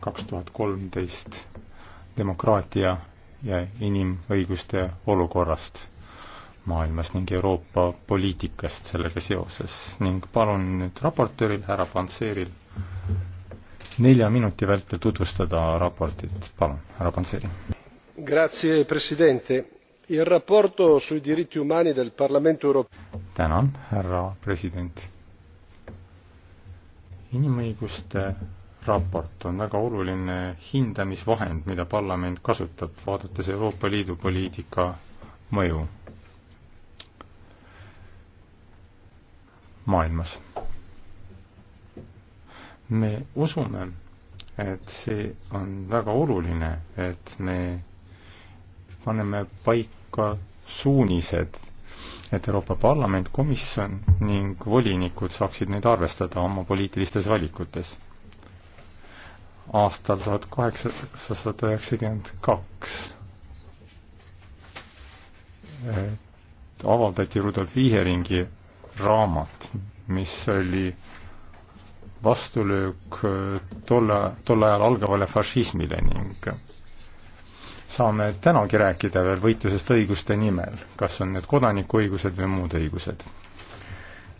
kaks tuhat kolmteist demokraatia ja inimõiguste olukorrast maailmas ning Euroopa poliitikast sellega seoses ning palun nüüd raportööril, härra Pantseeril, nelja minuti vältel tutvustada raportit, palun, härra Pantseri. Grazie, presidente. Il rapporto sui diritti umani del Parlamento europeo. tänan, härra president. inimõiguste raport on väga oluline hindamisvahend, mida parlament kasutab, vaadates Euroopa Liidu poliitika mõju maailmas. me usume, et see on väga oluline, et me paneme paika suunised, et Euroopa Parlament, komisjon ning volinikud saaksid neid arvestada oma poliitilistes valikutes aastal tuhat kaheksasada üheksakümmend kaks avaldati Rudolf Viheringi raamat, mis oli vastulöök tolle, tol ajal algavale fašismile ning saame tänagi rääkida veel võitlusest õiguste nimel, kas on need kodanikuõigused või muud õigused.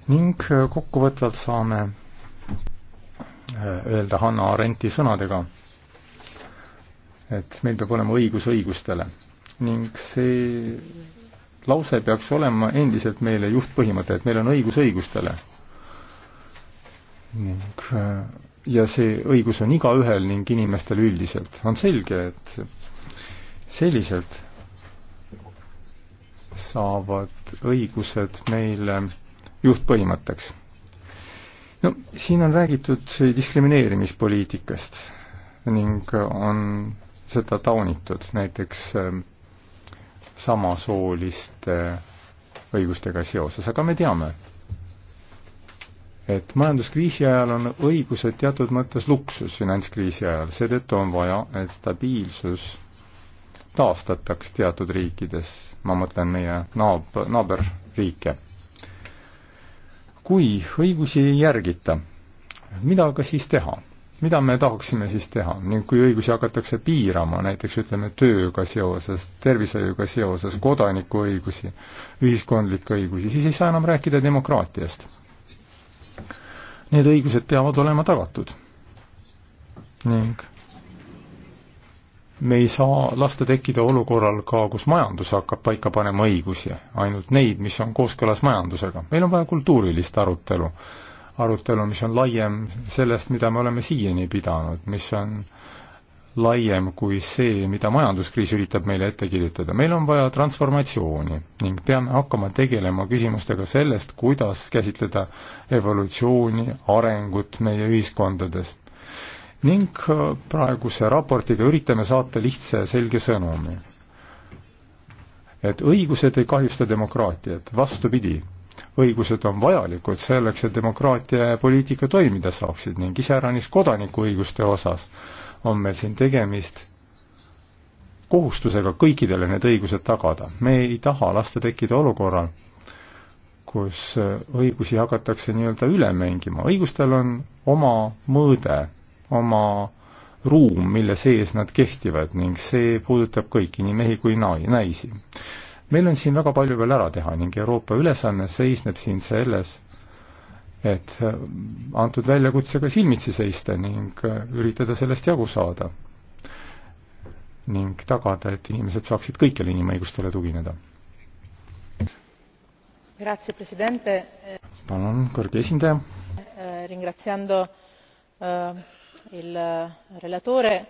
ning kokkuvõtvalt saame öelda Hanna Arenti sõnadega, et meil peab olema õigus õigustele ning see lause peaks olema endiselt meile juhtpõhimõte, et meil on õigus õigustele. ning äh, ja see õigus on igaühel ning inimestel üldiselt. on selge, et sellised saavad õigused meile juhtpõhimõtteks no siin on räägitud diskrimineerimispoliitikast ning äh, on seda taunitud, näiteks ähm, samasooliste äh, õigustega seoses, aga me teame, et majanduskriisi ajal on õigused teatud mõttes luksus finantskriisi ajal, seetõttu on vaja, et stabiilsus taastataks teatud riikides, ma mõtlen meie naab-, naaberriike kui õigusi ei järgita, mida aga siis teha? mida me tahaksime siis teha, nüüd kui õigusi hakatakse piirama, näiteks ütleme tööga seoses, tervishoiuga seoses, kodanikuõigusi, ühiskondlikke õigusi, siis ei saa enam rääkida demokraatiast. Need õigused peavad olema tagatud. ning me ei saa lasta tekkida olukorral ka, kus majandus hakkab paika panema õigusi, ainult neid, mis on kooskõlas majandusega. meil on vaja kultuurilist arutelu, arutelu, mis on laiem sellest, mida me oleme siiani pidanud, mis on laiem kui see, mida majanduskriis üritab meile ette kirjutada. meil on vaja transformatsiooni ning peame hakkama tegelema küsimustega sellest, kuidas käsitleda evolutsiooni, arengut meie ühiskondades ning äh, praeguse raportiga üritame saata lihtsa ja selge sõnumi. et õigused ei kahjusta demokraatiat, vastupidi, õigused on vajalikud selleks, et demokraatia ja poliitika toimida saaksid ning iseäranis kodanikuõiguste osas on meil siin tegemist kohustusega kõikidele need õigused tagada. me ei taha lasta tekkida olukorral, kus õigusi hakatakse nii-öelda üle mängima, õigustel on oma mõõde oma ruum, mille sees nad kehtivad ning see puudutab kõiki, nii mehi kui nai-, naisi. meil on siin väga palju veel ära teha ning Euroopa ülesanne seisneb siin selles, et äh, antud väljakutsega silmitsi seista ning äh, üritada sellest jagu saada. ning tagada, et inimesed saaksid kõikjal inimõigustele tugineda. palun, kõrge esindaja. Eh, ringraziando uh Eh,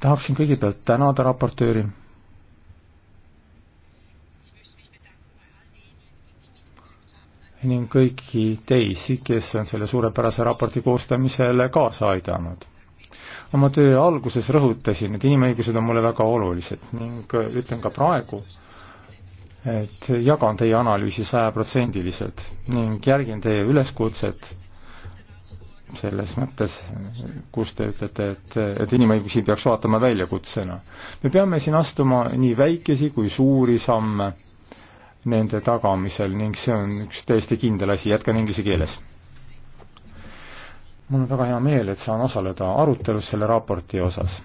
tahaksin kõigepealt tänada raportööri. ning kõiki teisi, kes on selle suurepärase raporti koostamisele kaasa aidanud. oma töö alguses rõhutasin, et inimõigused on mulle väga olulised ning ütlen ka praegu, et jagan teie analüüsi sajaprotsendiliselt ning järgin teie üleskutset selles mõttes, kus te ütlete, et, et inimõigusi peaks vaatama väljakutsena. me peame siin astuma nii väikesi kui suuri samme nende tagamisel ning see on üks täiesti kindel asi, jätkan inglise keeles. mul on väga hea meel, et saan osaleda arutelus selle raporti osas.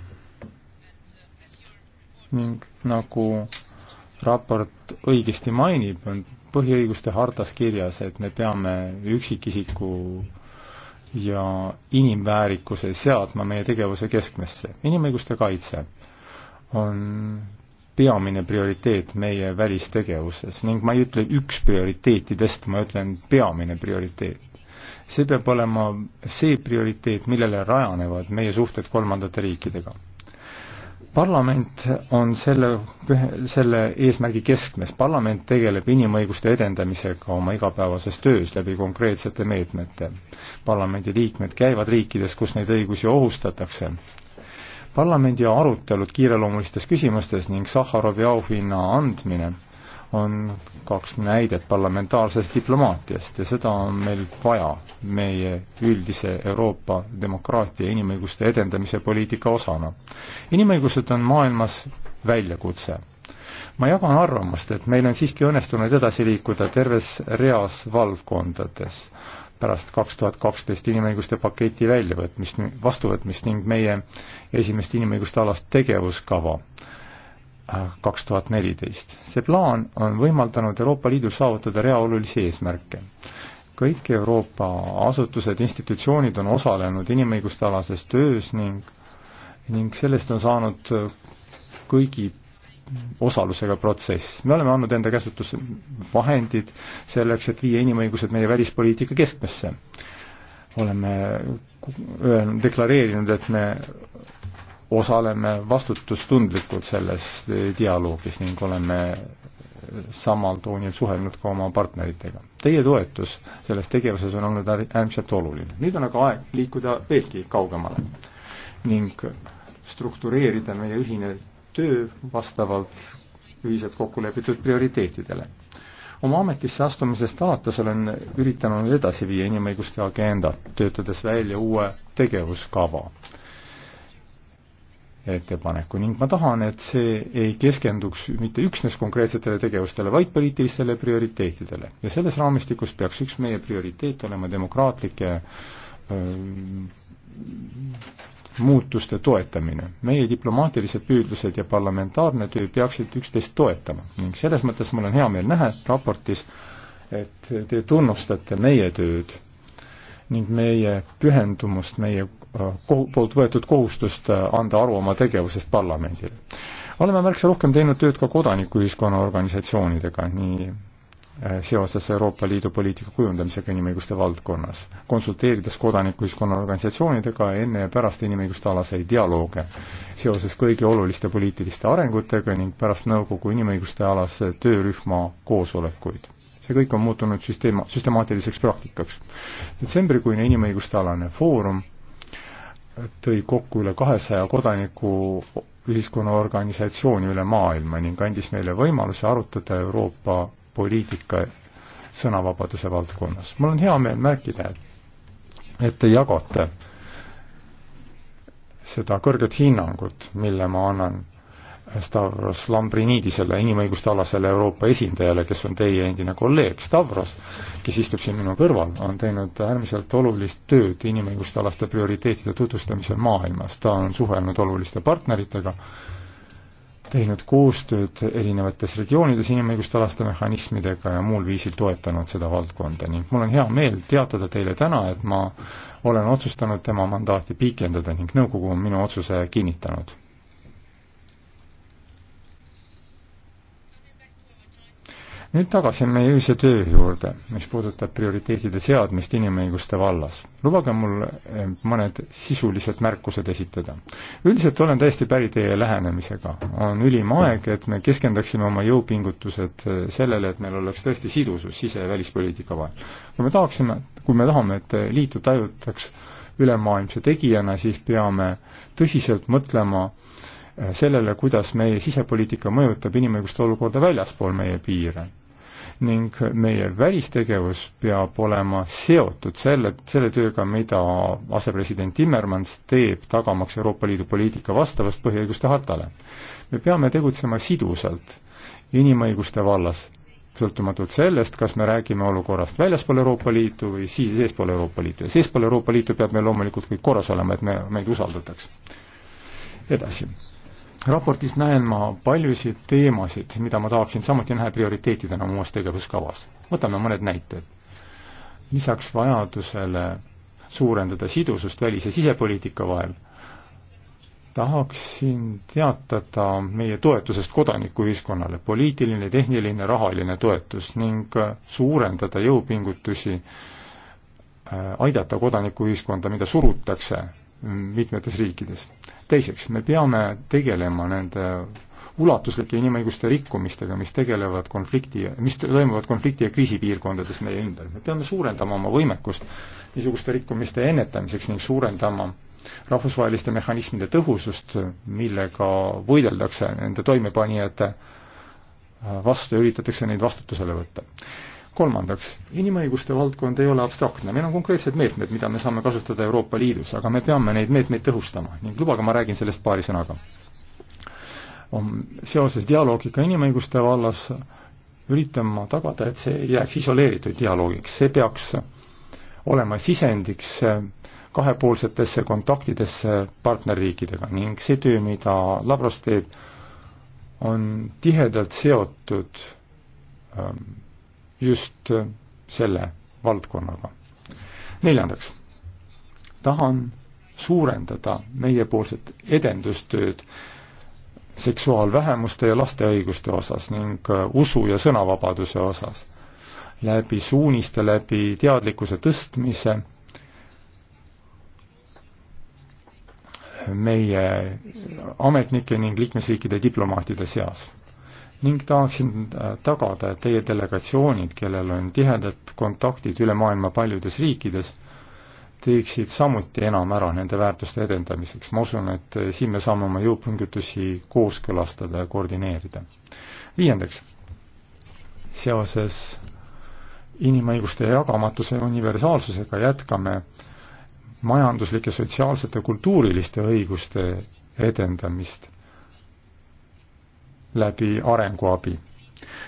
ning nagu raport õigesti mainib, on põhiõiguste hartas kirjas, et me peame üksikisiku ja inimväärikuse seadma meie tegevuse keskmesse. inimõiguste kaitse on peamine prioriteet meie välistegevuses ning ma ei ütle üks prioriteetidest, ma ütlen peamine prioriteet. see peab olema see prioriteet, millele rajanevad meie suhted kolmandate riikidega parlament on selle, selle eesmärgi keskmes, parlament tegeleb inimõiguste edendamisega oma igapäevases töös läbi konkreetsete meetmete. parlamendi liikmed käivad riikides, kus neid õigusi ohustatakse. parlamendi arutelud kiireloomulistes küsimustes ning Sahharovi auhinna andmine on kaks näidet parlamentaarsest diplomaatiast ja seda on meil vaja meie üldise Euroopa demokraatia ja inimõiguste edendamise poliitika osana. inimõigused on maailmas väljakutse. ma jagan arvamust, et meil on siiski õnnestunud edasi liikuda terves reas valdkondades pärast kaks tuhat kaksteist inimõiguste paketi väljavõtmist, vastuvõtmist ning meie esimest inimõiguste alast tegevuskava kaks tuhat neliteist. see plaan on võimaldanud Euroopa Liidul saavutada rea olulisi eesmärke. kõik Euroopa asutused, institutsioonid on osalenud inimõiguste alases töös ning, ning sellest on saanud kõigi osalusega protsess. me oleme andnud enda käsutusse vahendid selleks, et viia inimõigused meie välispoliitika keskmesse. oleme öelnud, deklareerinud, et me osaleme vastutustundlikult selles dialoogis ning oleme samal toonil suhelnud ka oma partneritega. Teie toetus selles tegevuses on olnud äärmiselt oluline. nüüd on aga aeg liikuda veelgi kaugemale ning struktureerida meie ühine töö vastavalt ühiselt kokku lepitud prioriteetidele. oma ametisse astumisest alates olen üritanud edasi viia inimõiguste agendat, töötades välja uue tegevuskava ettepaneku ning ma tahan, et see ei keskenduks mitte üksnes konkreetsetele tegevustele, vaid poliitilistele prioriteetidele. ja selles raamistikus peaks üks meie prioriteet olema demokraatlike muutuste toetamine. meie diplomaatilised püüdlused ja parlamentaarne töö peaksid üksteist toetama ning selles mõttes mul on hea meel näha raportis, et te tunnustate meie tööd ning meie pühendumust meie Äh, kohu-, poolt võetud kohustust äh, anda aru oma tegevusest parlamendile. oleme märksa rohkem teinud tööd ka kodanikuühiskonna organisatsioonidega, nii äh, seoses Euroopa Liidu poliitika kujundamisega inimõiguste valdkonnas, konsulteerides kodanikuühiskonna organisatsioonidega enne ja pärast inimõiguste alaseid dialoogi seoses kõigi oluliste poliitiliste arengutega ning pärast nõukogu inimõiguste alase töörühma koosolekuid. see kõik on muutunud süsteema, süstemaatiliseks praktikaks. detsembrikuine inimõiguste alane foorum tõi kokku üle kahesaja kodaniku ühiskonnaorganisatsiooni üle maailma ning andis meile võimaluse arutada Euroopa poliitika sõnavabaduse valdkonnas. mul on hea meel märkida, et te jagate seda kõrget hinnangut, mille ma annan Stavros Lambrinidisele, inimõiguste alasele Euroopa esindajale, kes on teie endine kolleeg Stavros, kes istub siin minu kõrval, on teinud äärmiselt olulist tööd inimõiguste alaste prioriteetide tutvustamisel maailmas. ta on suhelnud oluliste partneritega, teinud koostööd erinevates regioonides inimõiguste alaste mehhanismidega ja muul viisil toetanud seda valdkonda ning mul on hea meel teatada teile täna, et ma olen otsustanud tema mandaati pikendada ning nõukogu on minu otsuse kinnitanud nüüd tagasi meie ühise töö juurde, mis puudutab prioriteetide seadmist inimõiguste vallas. lubage mul eh, mõned sisulised märkused esitada. üldiselt olen täiesti päri teie lähenemisega. on ülim aeg, et me keskendaksime oma jõupingutused eh, sellele, et meil oleks tõesti sidusus sise- ja välispoliitika vahel. kui me tahaksime, kui me tahame, et liitu tajutaks ülemaailmse tegijana, siis peame tõsiselt mõtlema eh, sellele, kuidas meie sisepoliitika mõjutab inimõiguste olukorda väljaspool meie piire ning meie välistegevus peab olema seotud selle, selle tööga, mida asepresident Timmermans teeb, tagamaks Euroopa Liidu poliitika vastavust põhiõiguste hartale. me peame tegutsema sidusalt inimõiguste vallas, sõltumatult sellest, kas me räägime olukorrast väljaspool Euroopa Liitu või siis seespool Euroopa Liitu. ja seespool Euroopa Liitu peab meil loomulikult kõik korras olema, et me, meid usaldataks. edasi raportis näen ma paljusid teemasid, mida ma tahaksin samuti näha prioriteetidena oma tegevuskavas. võtame mõned näited. lisaks vajadusele suurendada sidusust välis- ja sisepoliitika vahel, tahaksin teatada meie toetusest kodanikuühiskonnale, poliitiline, tehniline, rahaline toetus ning suurendada jõupingutusi äh, aidata kodanikuühiskonda, mida surutakse mitmetes riikides. teiseks, me peame tegelema nende ulatuslike inimõiguste rikkumistega, mis tegelevad konflikti, mis toimuvad konflikti- ja kriisipiirkondades meie ümber. me peame suurendama oma võimekust niisuguste rikkumiste ennetamiseks ning suurendama rahvusvaheliste mehhanismide tõhusust, millega võideldakse nende toimepanijate vastu ja üritatakse neid vastutusele võtta kolmandaks, inimõiguste valdkond ei ole abstraktne, meil on konkreetsed meetmed, mida me saame kasutada Euroopa Liidus, aga me peame neid meetmeid tõhustama ning lubage, ma räägin sellest paari sõnaga. seoses dialoogiga inimõiguste vallas üritan ma tagada, et see ei jääks isoleeritud dialoogiks, see peaks olema sisendiks kahepoolsetesse kontaktidesse partnerriikidega ning see töö, mida Labros teeb, on tihedalt seotud ähm, just äh, selle valdkonnaga. neljandaks, tahan suurendada meiepoolset edendustööd seksuaalvähemuste ja laste õiguste osas ning äh, usu- ja sõnavabaduse osas. läbi suuniste, läbi teadlikkuse tõstmise meie ametnike ning liikmesriikide diplomaatide seas ning tahaksin äh, tagada, et teie delegatsioonid, kellel on tihedad kontaktid üle maailma paljudes riikides, teeksid samuti enam ära nende väärtuste edendamiseks. ma usun, et äh, siin me saame oma jõupingutusi kooskõlastada ja koordineerida. viiendaks, seoses inimõiguste jagamatuse ja universaalsusega jätkame majanduslike, sotsiaalsete, kultuuriliste õiguste edendamist läbi arenguabi.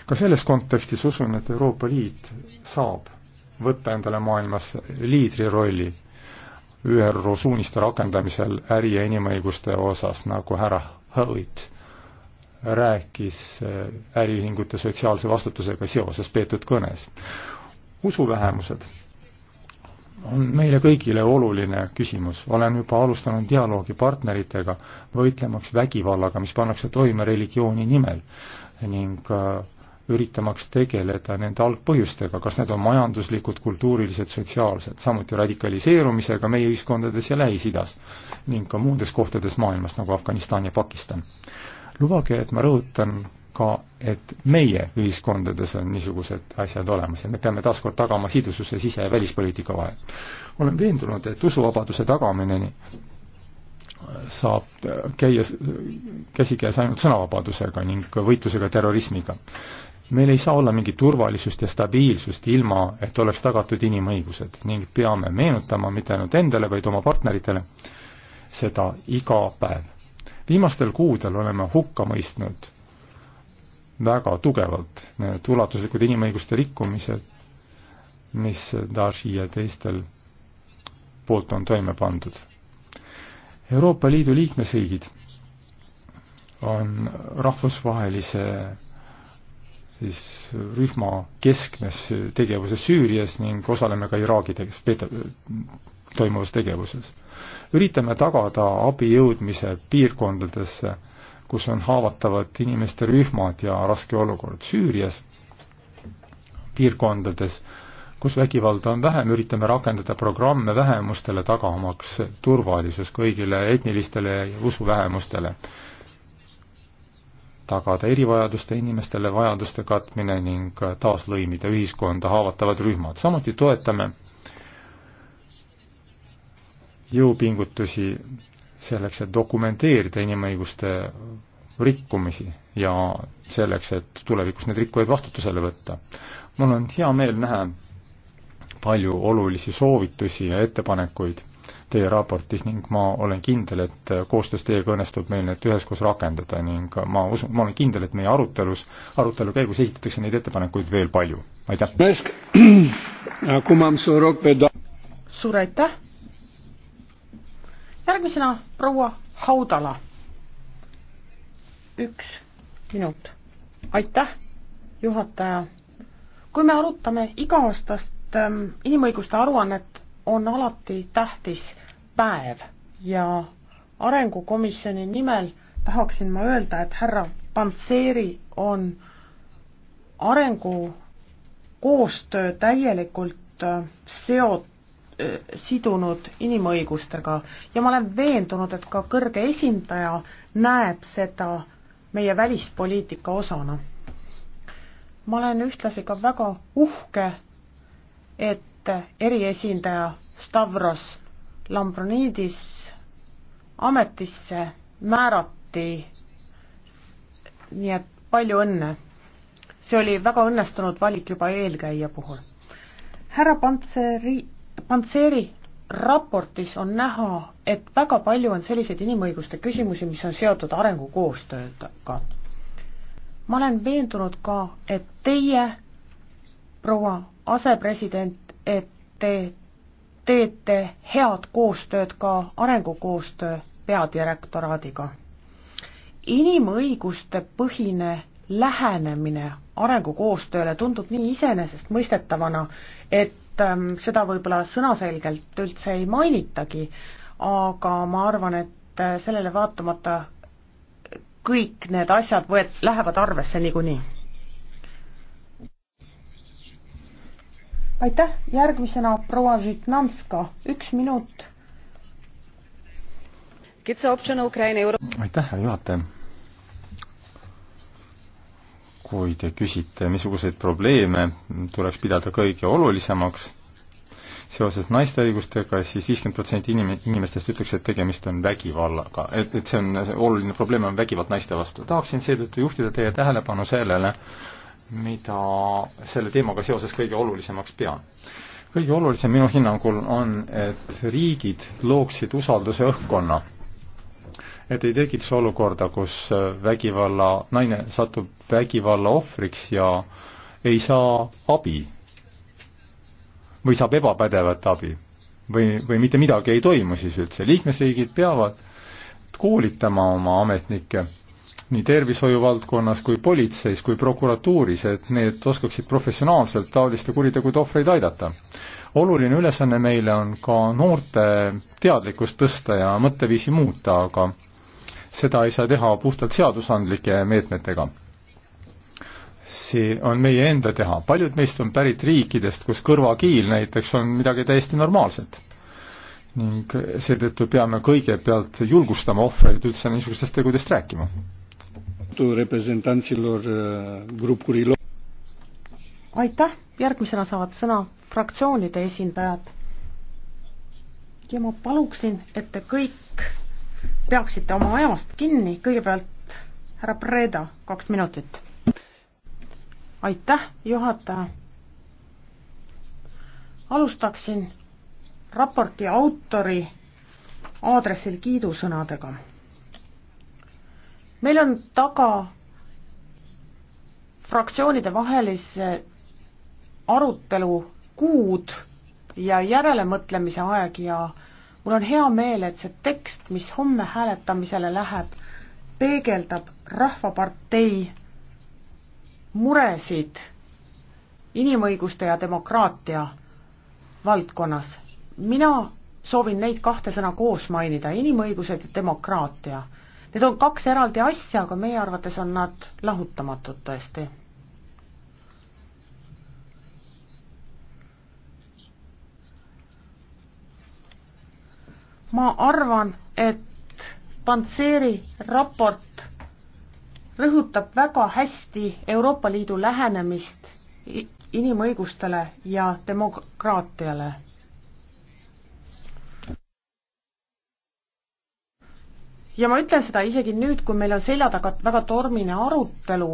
ka selles kontekstis usun, et Euroopa Liit saab võtta endale maailmas liidri rolli ÜRO suuniste rakendamisel äri- ja inimõiguste osas, nagu härra Howitt rääkis äh, äriühingute sotsiaalse vastutusega seoses peetud kõnes. usuvähemused on meile kõigile oluline küsimus. olen juba alustanud dialoogi partneritega, võitlemaks vägivallaga, mis pannakse toime religiooni nimel ning äh, üritamaks tegeleda nende algpõhjustega, kas need on majanduslikud, kultuurilised, sotsiaalsed, samuti radikaliseerumisega meie ühiskondades ja Lähis-Idas ning ka muudes kohtades maailmas, nagu Afganistan ja Pakistan. lubage, et ma rõhutan ka, et meie ühiskondades on niisugused asjad olemas ja me peame taaskord tagama sidususe sise- ja välispoliitika vahel. olen veendunud, et usuvabaduse tagamine äh, saab äh, käia käsikäes ainult sõnavabadusega ning võitlusega terrorismiga. meil ei saa olla mingit turvalisust ja stabiilsust ilma, et oleks tagatud inimõigused ning peame meenutama mitte ainult endale, vaid oma partneritele seda iga päev. viimastel kuudel oleme hukka mõistnud väga tugevalt need ulatuslikud inimõiguste rikkumised, mis Daeshi ja teistel poolt on toime pandud. Euroopa Liidu liikmesriigid on rahvusvahelise siis rühma keskmes tegevuses Süürias ning osaleme ka Iraagi toimuvas tegevuses. üritame tagada abi jõudmise piirkondadesse, kus on haavatavad inimeste rühmad ja raske olukord. Süürias piirkondades, kus vägivalda on vähem, üritame rakendada programme vähemustele, tagamaks turvalisus kõigile etnilistele ja usuvähemustele. tagada erivajaduste inimestele vajaduste katmine ning taaslõimida ühiskonda haavatavad rühmad. samuti toetame jõupingutusi selleks, et dokumenteerida inimõiguste rikkumisi ja selleks, et tulevikus need rikkujaid vastutusele võtta. mul on hea meel näha palju olulisi soovitusi ja ettepanekuid teie raportis ning ma olen kindel, et koostöös teiega õnnestub meil need üheskoos rakendada ning ma usun, ma olen kindel, et meie arutelus, arutelu käigus esitatakse neid ettepanekuid veel palju. aitäh! suur aitäh! järgmisena proua Haudala. üks minut. aitäh, juhataja. kui me arutame iga-aastast ähm, inimõiguste aruannet, on alati tähtis päev ja arengukomisjoni nimel tahaksin ma öelda, et härra Panseri on arengukoostöö täielikult äh, seotud sidunud inimõigustega ja ma olen veendunud, et ka kõrge esindaja näeb seda meie välispoliitika osana. ma olen ühtlasi ka väga uhke, et eriesindaja Stavros Lambronidis ametisse määrati, nii et palju õnne. see oli väga õnnestunud valik juba eelkäija puhul. härra Pantseri Panseri raportis on näha, et väga palju on selliseid inimõiguste küsimusi, mis on seotud arengukoostööga. ma olen veendunud ka, et teie, proua asepresident, et te teete head koostööd ka arengukoostöö peadirektoraadiga. inimõiguste põhine lähenemine arengukoostööle tundub nii iseenesestmõistetavana, et Ähm, seda võib-olla sõnaselgelt üldse ei mainitagi, aga ma arvan, et äh, sellele vaatamata kõik need asjad võet-, lähevad arvesse niikuinii. aitäh, järgmisena proua Žitnanska, üks minut. aitäh, härra juhataja kui te küsite, missuguseid probleeme tuleks pidada kõige olulisemaks seoses naiste õigustega siis, siis viiskümmend protsenti inim-, inimestest ütleks, et tegemist on vägivallaga. et, et see on, oluline probleem on vägivald naiste vastu. tahaksin seetõttu juhtida teie tähelepanu sellele, mida selle teemaga seoses kõige olulisemaks pean. kõige olulisem minu hinnangul on, et riigid looksid usalduse õhkkonna et ei tekiks olukorda, kus äh, vägivalla, naine satub vägivalla ohvriks ja ei saa abi või saab ebapädevat abi või, või mitte midagi ei toimu siis üldse. liikmesriigid peavad koolitama oma ametnikke nii tervishoiu valdkonnas kui politseis kui prokuratuuris, et need oskaksid professionaalselt taoliste kuritegude ohvreid aidata. oluline ülesanne meile on ka noorte teadlikkust tõsta ja mõtteviisi muuta, aga seda ei saa teha puhtalt seadusandlike meetmetega. see on meie enda teha, paljud meist on pärit riikidest, kus kõrvakiil näiteks on midagi täiesti normaalset. ning seetõttu peame kõigepealt julgustama ohvreid üldse niisugustest tegudest rääkima. Äh, aitäh, järgmisena saavad sõna fraktsioonide esindajad ja ma paluksin, et te kõik peaksite oma ajast kinni, kõigepealt härra Preda, kaks minutit. aitäh, juhataja. alustaksin raporti autori aadressil kiidusõnadega. meil on taga fraktsioonide vahelise arutelu kuud ja järelemõtlemise aeg ja mul on hea meel, et see tekst, mis homme hääletamisele läheb, peegeldab Rahvapartei muresid inimõiguste ja demokraatia valdkonnas. mina soovin neid kahte sõna koos mainida, inimõigused ja demokraatia. Need on kaks eraldi asja, aga meie arvates on nad lahutamatud tõesti ma arvan, et Panseri raport rõhutab väga hästi Euroopa Liidu lähenemist inimõigustele ja demokraatiale. ja ma ütlen seda isegi nüüd, kui meil on selja taga väga tormine arutelu,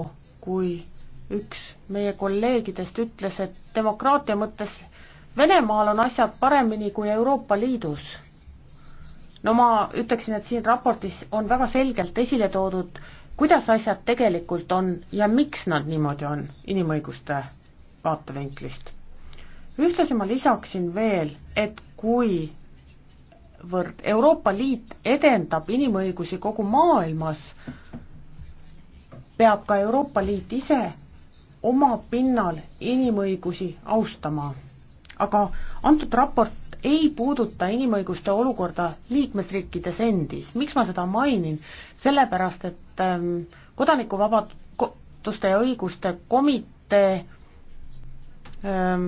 kui üks meie kolleegidest ütles, et demokraatia mõttes Venemaal on asjad paremini kui Euroopa Liidus no ma ütleksin, et siin raportis on väga selgelt esile toodud, kuidas asjad tegelikult on ja miks nad niimoodi on inimõiguste vaatevinklist. ühtlasi ma lisaksin veel, et kui kuivõrd Euroopa Liit edendab inimõigusi kogu maailmas, peab ka Euroopa Liit ise oma pinnal inimõigusi austama. aga antud raport ei puuduta inimõiguste olukorda liikmesriikides endis. miks ma seda mainin? sellepärast, et ähm, kodanikuvabaduste ja õiguste komitee ähm,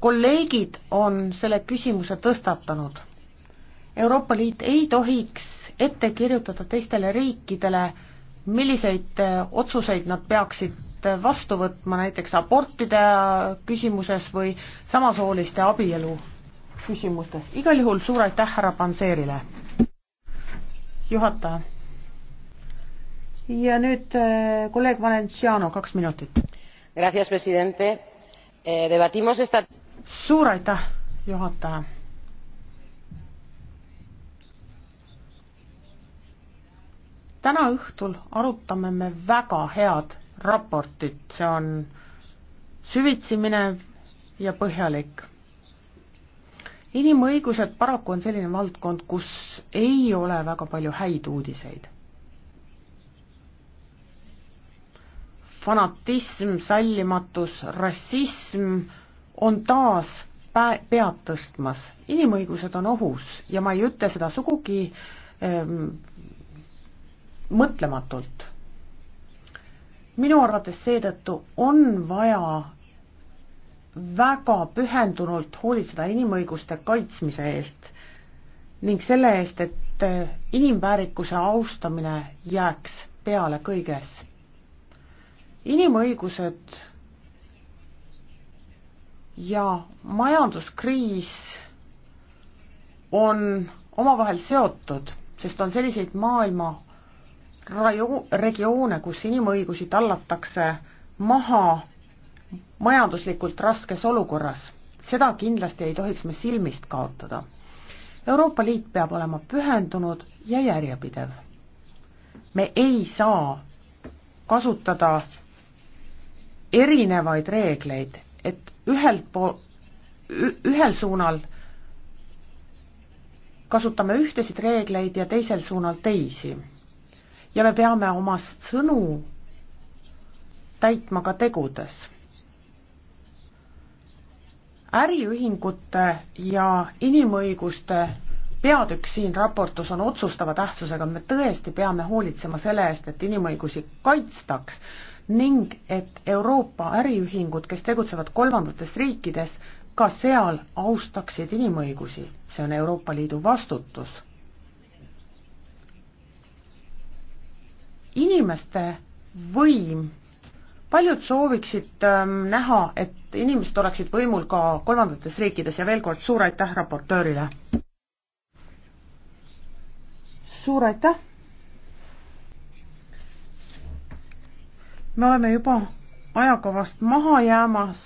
kolleegid on selle küsimuse tõstatanud. Euroopa Liit ei tohiks ette kirjutada teistele riikidele, milliseid äh, otsuseid nad peaksid äh, vastu võtma näiteks abortide äh, küsimuses või samasooliste abielu küsimustes. igal juhul suur aitäh härra Panseerile, juhataja. ja nüüd äh, kolleeg Valenciano, kaks minutit. Gracias, presidente eh,. Debatimos esta. suur aitäh, juhataja. täna õhtul arutame me väga head raportit, see on süvitsi minev ja põhjalik inimõigused paraku on selline valdkond, kus ei ole väga palju häid uudiseid. fanatism, sallimatus, rassism on taas pä-, pead tõstmas. inimõigused on ohus ja ma ei ütle seda sugugi ähm, mõtlematult. minu arvates seetõttu on vaja väga pühendunult hoolitseda inimõiguste kaitsmise eest ning selle eest, et äh, inimväärikuse austamine jääks peale kõiges. inimõigused ja majanduskriis on omavahel seotud, sest on selliseid maailma rajo-, regioone, kus inimõigusi tallatakse maha majanduslikult raskes olukorras. seda kindlasti ei tohiks me silmist kaotada. Euroopa Liit peab olema pühendunud ja järjepidev. me ei saa kasutada erinevaid reegleid, et ühelt po-, ühel suunal kasutame ühtesid reegleid ja teisel suunal teisi. ja me peame oma sõnu täitma ka tegudes äriühingute ja inimõiguste peatükk siin raportus on otsustava tähtsusega, me tõesti peame hoolitsema selle eest, et inimõigusi kaitstaks ning et Euroopa äriühingud, kes tegutsevad kolmandates riikides, ka seal austaksid inimõigusi, see on Euroopa Liidu vastutus. inimeste võim paljud sooviksid ähm, näha, et inimesed oleksid võimul ka kolmandates riikides ja veel kord suur aitäh raportöörile! suur aitäh! me oleme juba ajakavast maha jäämas,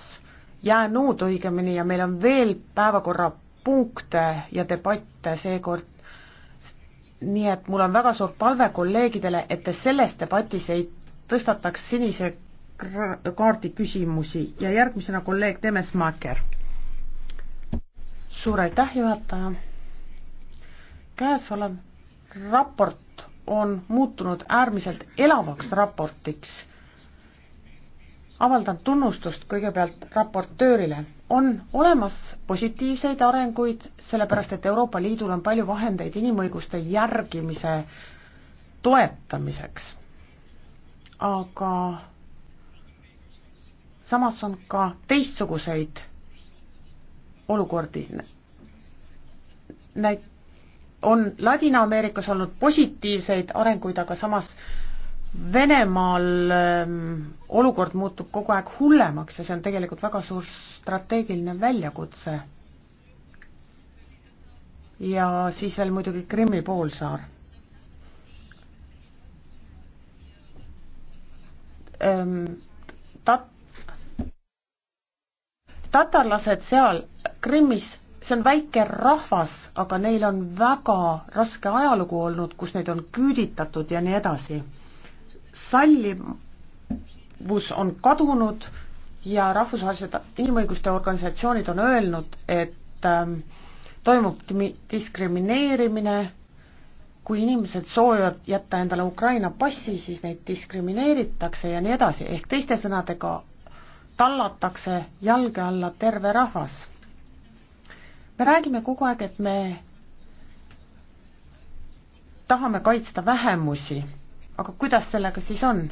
jäänud õigemini ja meil on veel päevakorrapunkte ja debatte seekord, nii et mul on väga suur palve kolleegidele, et te selles debatis ei tõstataks sinise kaardi küsimusi ja järgmisena kolleeg Temesmaaker. suur aitäh, juhataja. käesolev raport on muutunud äärmiselt elavaks raportiks. avaldan tunnustust kõigepealt raportöörile. on olemas positiivseid arenguid, sellepärast et Euroopa Liidul on palju vahendeid inimõiguste järgimise toetamiseks. aga samas on ka teistsuguseid olukordi. Näit-, on Ladina-Ameerikas olnud positiivseid arenguid, aga samas Venemaal ähm, olukord muutub kogu aeg hullemaks ja see on tegelikult väga suur strateegiline väljakutse. ja siis veel muidugi Krimmi poolsaar ähm,. Tat-, tatarlased seal Krimmis, see on väike rahvas, aga neil on väga raske ajalugu olnud, kus neid on küüditatud ja nii edasi. sallivus on kadunud ja rahvusvahelised inimõiguste organisatsioonid on öelnud, et ähm, toimub diskrimineerimine, kui inimesed soovivad jätta endale Ukraina passi, siis neid diskrimineeritakse ja nii edasi, ehk teiste sõnadega tallatakse jalge alla terve rahvas. me räägime kogu aeg, et me tahame kaitsta vähemusi, aga kuidas sellega siis on?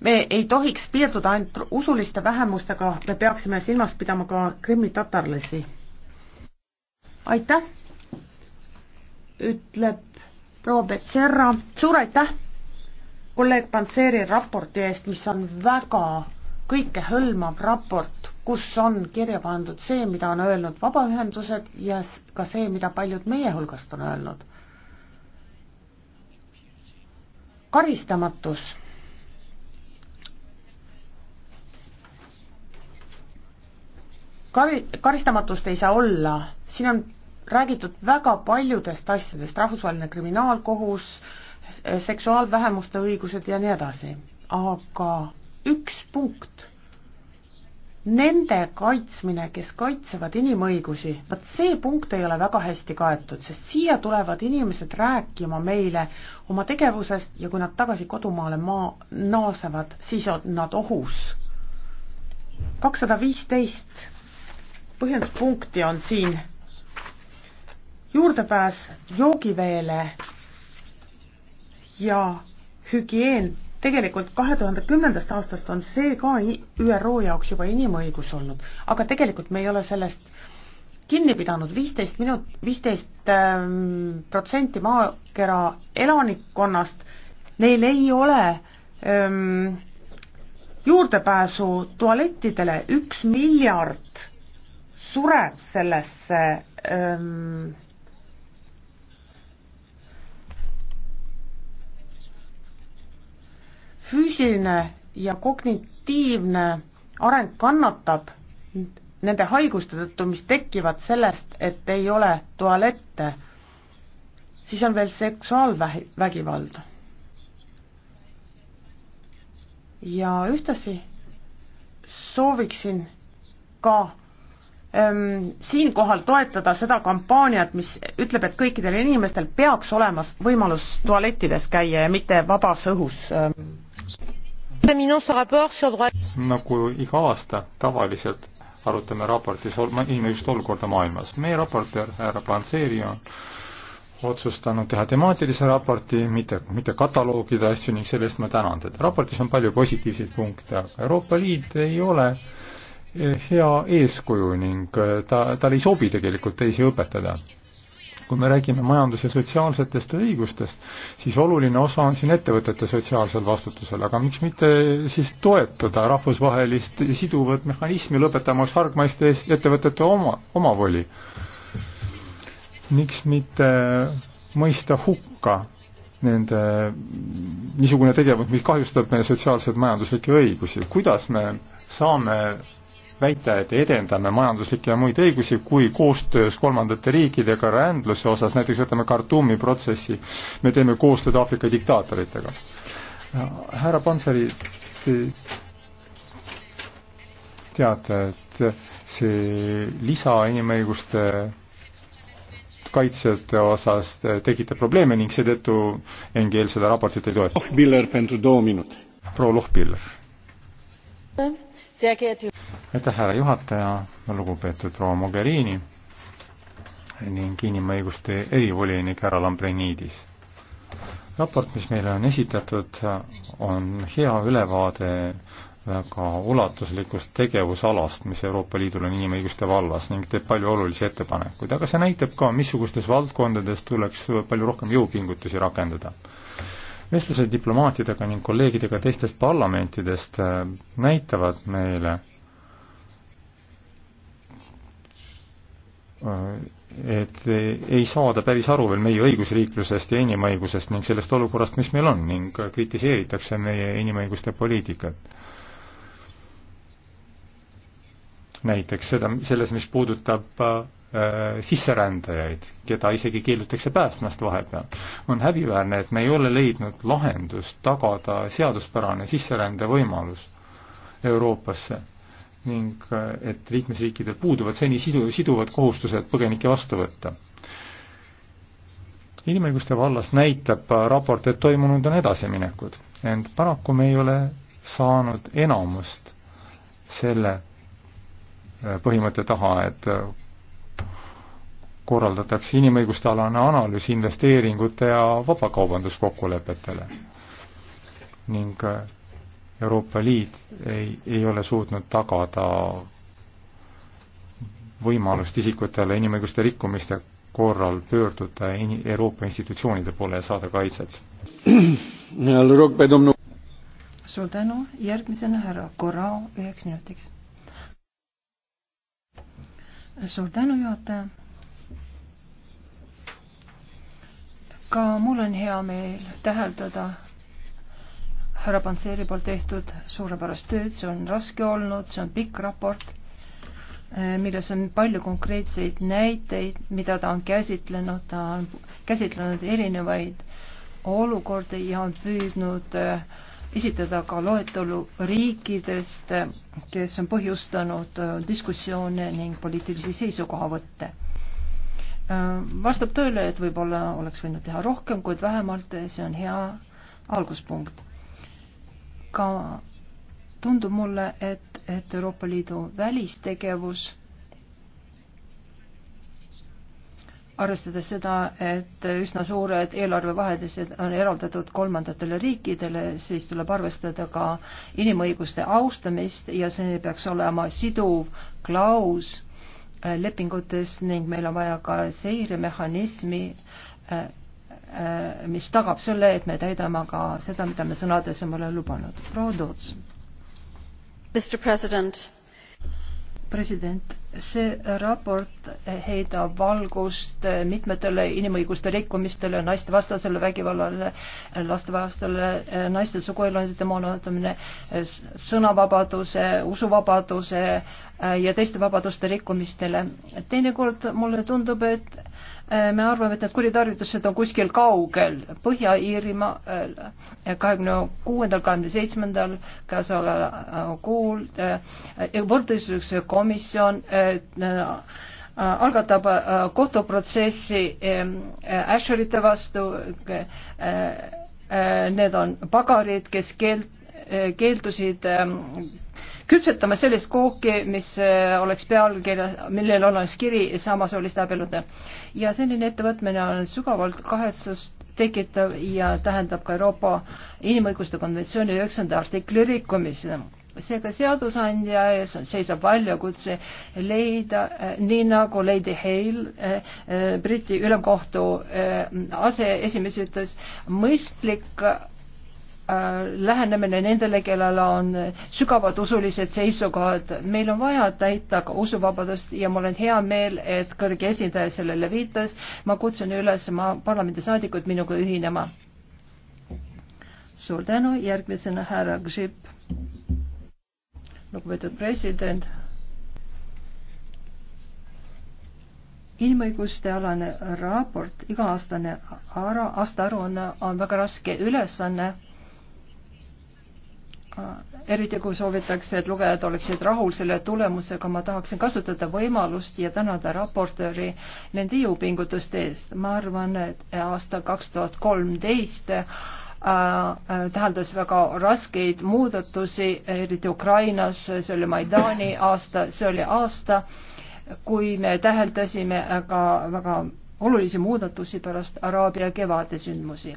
me ei tohiks piirduda ainult usuliste vähemustega, me peaksime silmas pidama ka krimmitatarlasi. aitäh, ütleb proua Becerra, suur aitäh kolleeg Panseri raporti eest, mis on väga kõikehõlmav raport, kus on kirja pandud see, mida on öelnud vabaühendused ja ka see, mida paljud meie hulgast on öelnud. karistamatus kar-, karistamatust ei saa olla, siin on räägitud väga paljudest asjadest, rahvusvaheline kriminaalkohus, seksuaalvähemuste õigused ja nii edasi, aga üks punkt. Nende kaitsmine, kes kaitsevad inimõigusi, vaat see punkt ei ole väga hästi kaetud, sest siia tulevad inimesed rääkima meile oma tegevusest ja kui nad tagasi kodumaale maa naasevad, siis on nad ohus. kakssada viisteist põhjenduspunkti on siin juurdepääs joogiveele ja hügieen tegelikult kahe tuhande kümnendast aastast on see ka ÜRO jaoks juba inimõigus olnud, aga tegelikult me ei ole sellest kinni pidanud, viisteist minut, viisteist ähm, protsenti maakera elanikkonnast, neil ei ole ähm, juurdepääsu tualettidele, üks miljard sureb sellesse ähm, füüsiline ja kognitiivne areng kannatab nende haiguste tõttu, mis tekivad sellest, et ei ole tualette, siis on veel seksuaalvägivald. ja ühtlasi sooviksin ka ähm, siinkohal toetada seda kampaaniat, mis ütleb, et kõikidel inimestel peaks olema võimalus tualettides käia ja mitte vabas õhus ähm, nagu iga aasta tavaliselt arutame raportis inimõiguste olukorda maailmas. meie raportöör härra Panseri on otsustanud teha temaatilise raporti, mitte, mitte kataloogide asju ning selle eest ma tänan teda. raportis on palju positiivseid punkte, aga Euroopa Liit ei ole eh, hea eeskuju ning eh, ta, tal ei sobi tegelikult teisi õpetada kui me räägime majandus- ja sotsiaalsetest õigustest, siis oluline osa on siin ettevõtete sotsiaalsel vastutusel, aga miks mitte siis toetada rahvusvahelist siduvat mehhanismi, lõpetamaks hargmaiste eest ettevõtete oma, omavoli? miks mitte mõista hukka nende niisugune tegevus, mis kahjustab meie sotsiaalseid majanduslikke õigusi, kuidas me saame väita, et edendame majanduslikke ja muid õigusi, kui koostöös kolmandate riikidega rändluse osas, näiteks võtame Khartoumi protsessi, me teeme koostööd Aafrika diktaatoritega. härra Panseri, te teate, et see lisa inimõiguste kaitsjate osas tekitab probleeme ning seetõttu NGL seda raportit ei toeta. proua Lohpiller aitäh, härra juhataja, lugupeetud proua Mogherini ning inimõiguste erivolinik härra Lambrinidis. raport, mis meile on esitatud, on hea ülevaade väga ulatuslikust tegevusalast, mis Euroopa Liidul on inimõiguste vallas ning teeb palju olulisi ettepanekuid, aga see näitab ka, missugustes valdkondades tuleks palju rohkem jõupingutusi rakendada vestlused diplomaatidega ning kolleegidega teistest parlamentidest äh, näitavad meile, äh, et ei saada päris aru veel meie õigusriiklusest ja inimõigusest ning sellest olukorrast, mis meil on ning kritiseeritakse meie inimõiguste poliitikat. näiteks seda, selles, mis puudutab äh, Äh, sisserändajaid, keda isegi keeldutakse päästmast vahepeal. on häbiväärne, et me ei ole leidnud lahendust tagada seaduspärane sisserände võimalus Euroopasse ning äh, et liikmesriikidel puuduvad seni sidu, siduvad kohustused põgenikke vastu võtta. inimõiguste vallas näitab raport, et toimunud on edasiminekud, ent paraku me ei ole saanud enamust selle äh, põhimõtte taha, et korraldatakse inimõiguste alane analüüs investeeringute ja vabakaubanduskokkulepetele. ning äh, Euroopa Liit ei, ei ole suutnud tagada võimalust isikutele inimõiguste rikkumiste korral pöörduda Euroopa institutsioonide poole ja saada kaitset. suur tänu, järgmisena härra Korrao üheks minutiks. suur tänu, juhataja ka mul on hea meel täheldada härra Panseri poolt tehtud suurepärast tööd, see on raske olnud, see on pikk raport, eh, milles on palju konkreetseid näiteid, mida ta on käsitlenud, ta on käsitlenud erinevaid olukordi ja on püüdnud eh, esitada ka loetelu riikidest, eh, kes on põhjustanud diskussioone ning poliitilisi seisukohavõtte Äh, vastab tõele, et võib-olla oleks võinud teha rohkem, kuid vähemalt see on hea alguspunkt. ka tundub mulle, et, et Euroopa Liidu välistegevus arvestades seda, et üsna suured eelarvevahendid on eraldatud kolmandatele riikidele, siis tuleb arvestada ka inimõiguste austamist ja see peaks olema siduv klaus lepingutes ning meil on vaja ka seiremehhanismi, äh, äh, mis tagab selle, et me täidame ka seda, mida me sõnades oleme lubanud. proua Toots. Mr President president, see raport heidab valgust mitmetele inimõiguste rikkumistele, naistevastasele vägivallale, lastevastale, naiste suguelundite moonutamine, sõnavabaduse, usuvabaduse ja teiste vabaduste rikkumistele. teinekord mulle tundub, et Äh, me arvame, et need kuritarvitused on kuskil kaugel Põhja-Iirimaa äh, kahekümne kuuendal, kahekümne seitsmendal käesoleval kuul äh, võrdluseks komisjon algatab kohtuprotsessi äšerite vastu. Need on pagarid, kes keeld, keeldusid ähm, küpsetama sellist kooki, mis äh, oleks pealkirja, millel oleks kiri samasooliste abielude. ja selline ettevõtmine on sügavalt kahetsust tekitav ja tähendab ka Euroopa Inimõiguste konventsiooni üheksanda artikli rikkumist seega seadusandja ees seisab väljakutse leida, äh, nii nagu Lady Hale, äh, Briti ülemkohtu aseesimees ütles, mõistlik Äh, lähenemine nendele, kellel on sügavad usulised seisukohad. meil on vaja täita ka usuvabadust ja mul on hea meel, et kõrge esindaja sellele viitas. ma kutsun üles ma parlamendisaadikud minuga ühinema. suur tänu, järgmisena härra Gžip. lugupeetud president. inimõiguste alane raport, iga-aastane aasta aruanne on väga raske ülesanne eriti kui soovitakse, et lugejad oleksid rahul selle tulemusega, ma tahaksin kasutada võimalust ja tänada raportööri nende jõupingutuste eest. ma arvan, et aasta kaks tuhat kolmteist äh, äh, tähendas väga raskeid muudatusi, eriti Ukrainas, see oli Maidani aasta, see oli aasta, kui me täheldasime ka väga olulisi muudatusi pärast Araabia kevade sündmusi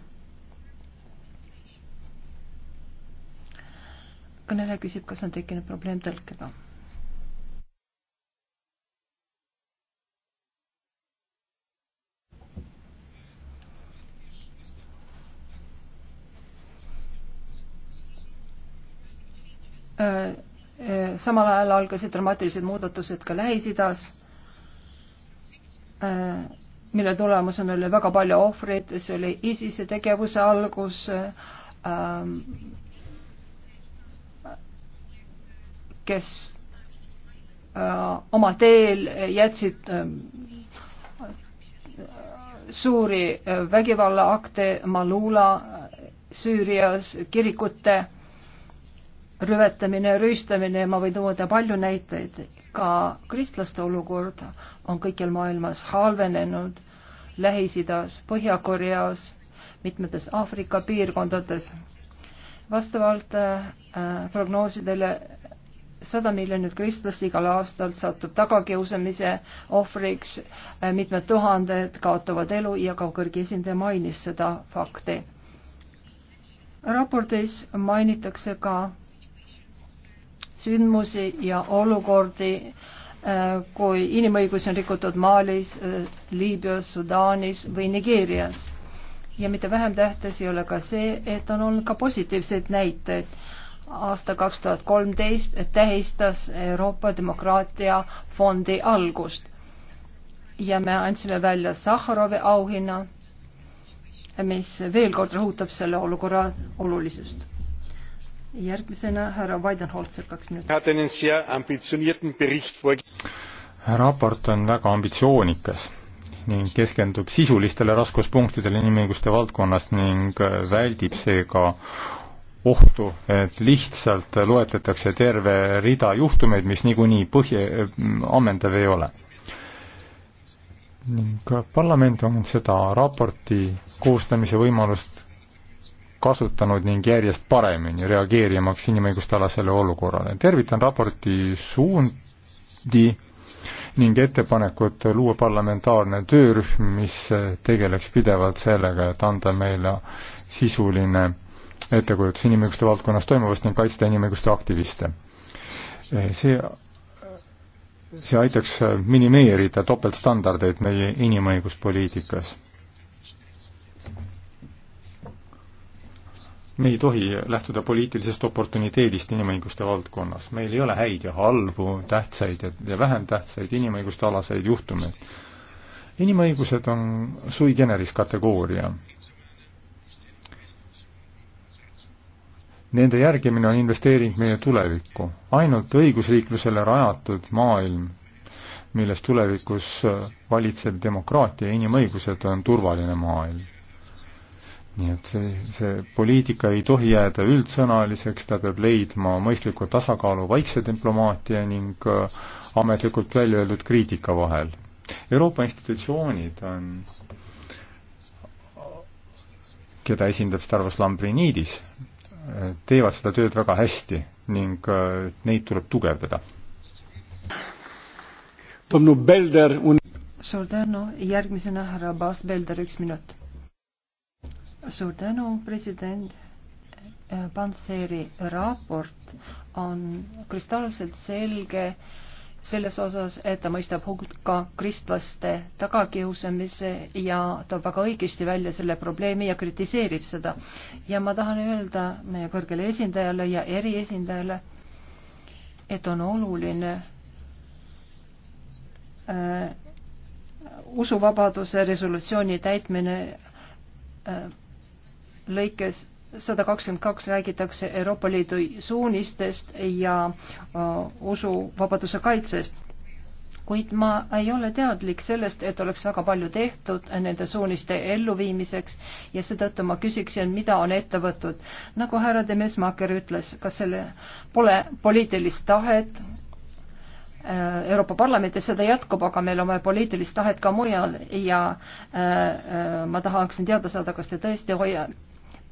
kõneleja küsib, kas on tekkinud probleem tõlkega. Äh, äh, samal ajal algasid dramaatilised muudatused ka Lähis-Idas, äh, mille tulemusena oli väga palju ohvreid, see oli ISISe tegevuse algus ähm,, kes äh, oma teel jätsid äh, suuri äh, vägivallaakte Malula Süürias, kirikute rüvetamine, rüüstamine, ma võin tuua palju näiteid. ka kristlaste olukord on kõikjal maailmas halvenenud, Lähis-Idas, Põhja-Koreas, mitmetes Aafrika piirkondades. vastavalt äh, prognoosidele sada miljonit kristlast igal aastal satub tagakiusamise ohvriks, äh, mitmed tuhanded kaotavad elu ja ka kõrge esindaja mainis seda fakti. raportis mainitakse ka sündmusi ja olukordi, äh, kui inimõigusi on rikutud Malis, äh, Liibüas, Sudaanis või Nigeerias. ja mitte vähem tähtis ei ole ka see, et on olnud ka positiivseid näiteid aasta kaks tuhat kolmteist tähistas Euroopa Demokraatia Fondi algust ja me andsime välja Sahharovi auhinna, mis veel kord rõhutab selle olukorra olulisust. järgmisena härra Weidenholzer, kaks minutit. raport on väga ambitsioonikas ning keskendub sisulistele raskuspunktidele inimõiguste valdkonnas ning väldib seega ohtu, et lihtsalt loetletakse terve rida juhtumeid, mis niikuinii põhja, ammendav ei ole. ning parlament on seda raporti koostamise võimalust kasutanud ning järjest paremini reageerimaks inimõiguste alasele olukorrale. tervitan raporti suundi ning ettepanekut luua parlamentaarne töörühm, mis tegeleks pidevalt sellega, et anda meile sisuline ettekujutus inimõiguste valdkonnas toimuvast ning kaitsta inimõiguste aktiviste. Eh, see, see aitaks minimeerida topeltstandardeid meie inimõiguspoliitikas. me ei tohi lähtuda poliitilisest oportuniteedist inimõiguste valdkonnas. meil ei ole häid ja halbu, tähtsaid ja, ja vähem tähtsaid inimõiguste alaseid juhtumeid. inimõigused on sui generis kategooria Nende järgimine on investeering meie tulevikku. ainult õigusriiklusele rajatud maailm, milles tulevikus äh, valitseb demokraatia ja inimõigused, on turvaline maailm. nii et see, see poliitika ei tohi jääda üldsõnaliseks, ta peab leidma mõistliku tasakaalu vaikse diplomaatia ning äh, ametlikult välja öeldud kriitika vahel. Euroopa institutsioonid on keda esindab Stavros Lambrinidis, teevad seda tööd väga hästi ning äh, neid tuleb tugevdada. suur tänu, järgmisena härra Abbas Belder, üks minut. suur tänu, president. Panseri raport on kristalselt selge äh, selles osas, et ta mõistab hulka kristlaste tagakiusamise ja toob väga õigesti välja selle probleemi ja kritiseerib seda. ja ma tahan öelda meie kõrgele esindajale ja eriesindajale, et on oluline äh, usuvabaduse resolutsiooni täitmine äh, lõikes sada kakskümmend kaks räägitakse Euroopa Liidu suunistest ja äh, usuvabaduse kaitsest kuid ma ei ole teadlik sellest, et oleks väga palju tehtud nende suuniste elluviimiseks ja seetõttu ma küsiksin, mida on ette võtnud. nagu härra Demesmaker ütles, kas selle pole poliitilist tahet äh, Euroopa Parlamendis seda jätkub, aga meil on vaja poliitilist tahet ka mujal ja äh, äh ma tahaksin teada saada, kas te tõesti hoia,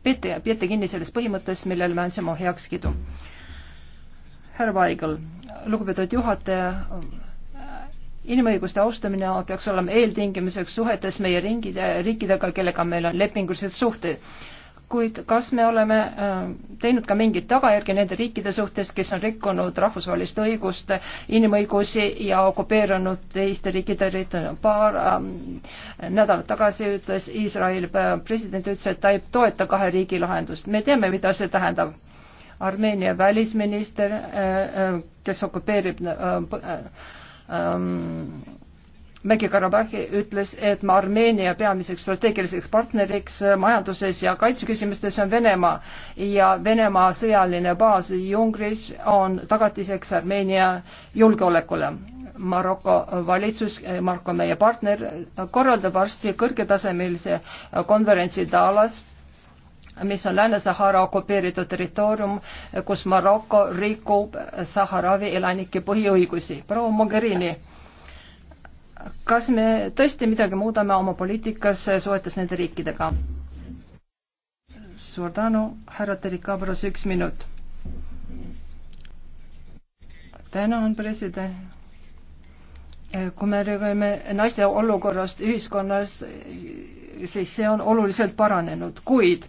peete, peete kinni sellest põhimõttest, millele me andsime heakskiidu. härra Vaigel, lugupeetud juhataja, inimõiguste austamine peaks olema eeltingimuseks suhetes meie ringide, riikidega, kellega meil on lepingulised suhted kuid kas me oleme äh, teinud ka mingeid tagajärgi nende riikide suhtes, kes on rikkunud rahvusvahelist õigust, inimõigusi ja okupeerinud teiste riikide territooriumi? paar ähm, nädalat tagasi ütles Iisraeli äh, president, ütles, et ta ei toeta kahe riigi lahendust. me teame, mida see tähendab. Armeenia välisminister, äh, kes okupeerib ähm, ähm, Mägi-Karabahhi ütles, et ma Armeenia peamiseks strateegiliseks partneriks majanduses ja kaitseküsimustes on Venemaa ja Venemaa sõjaline baas Jungris on tagatiseks Armeenia julgeolekule. Maroko valitsus, Marko on meie partner, korraldab varsti kõrgetasemelise konverentsi Dalas mis on Lääne-Sahara okupeeritud territoorium, kus Maroko rikub Saharavi elanike põhiõigusi. proua Mogherini kas me tõesti midagi muudame oma poliitikas eh, suhetes nende riikidega? suur tänu, härra Terikabras, üks minut. tänan, president. Eh, kui me räägime naiste olukorrast ühiskonnas, eh, siis see on oluliselt paranenud, kuid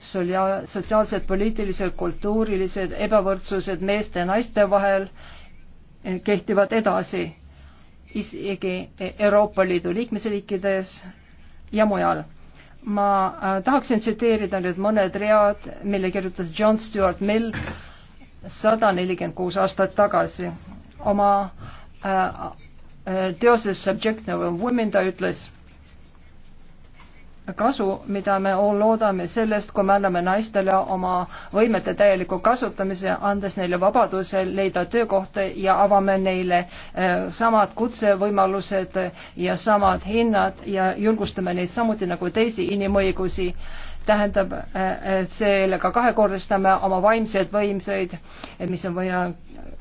sotsiaalsed, poliitilised, kultuurilised ebavõrdsused meeste ja naiste vahel kehtivad edasi isegi Euroopa Liidu liikmesriikides ja mujal. ma äh, tahaksin tsiteerida nüüd mõned read, mille kirjutas John Stuart Mill sada nelikümmend kuus aastat tagasi. oma äh, äh, teoses Subjective Women ta ütles kasu, mida me loodame sellest, kui me anname naistele oma võimete täieliku kasutamise, andes neile vabaduse leida töökohta ja avame neile eh, samad kutsevõimalused ja samad hinnad ja julgustame neid samuti nagu teisi inimõigusi. tähendab, eh, et sellega kahekordistame oma vaimseid võimseid, eh, mis on vaja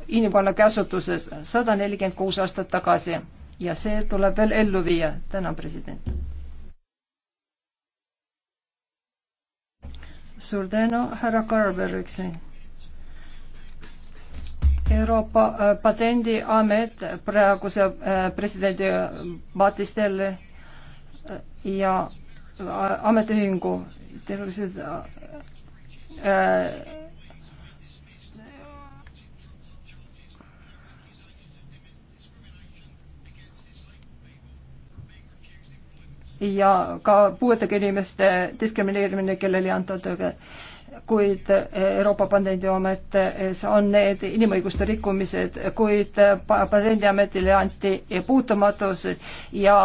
inimkonna käsutuses sada nelikümmend kuus aastat tagasi ja see tuleb veel ellu viia. tänan, president suur tänu, härra Carver, üks minut. Euroopa äh, Patendiamet praeguse äh, presidendi äh, Batistelle ja ametiühingu tervised ja ka puuetega inimeste diskrimineerimine, kellele ei anta tõve. kuid eh, Euroopa Patendiametis eh, on need inimõiguste rikkumised, kuid eh, Patendiametile anti puutumatus ja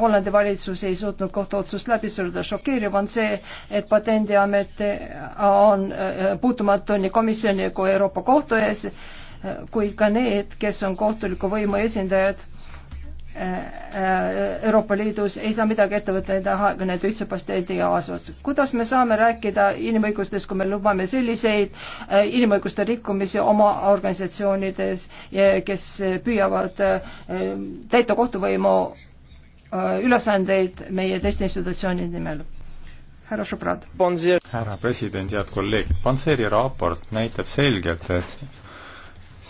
Hollandi valitsus ei suutnud kohtuotsust läbi suruda. šokeeriv on see, et Patendiamet on puutumatu nii komisjoni kui Euroopa Kohtu ees, kuid ka need, kes on kohtuliku võimu esindajad Euroopa Liidus ei saa midagi ette võtta enda aegnete ühtsupasteedi osas. kuidas me saame rääkida inimõigustest, kui me lubame selliseid äh, inimõiguste rikkumisi oma organisatsioonides, kes püüavad äh, täita kohtuvõimu äh, ülesandeid meie teiste institutsioonide nimel? härra Šubrad. härra president, head kolleegid, Panseri raport näitab selgelt, et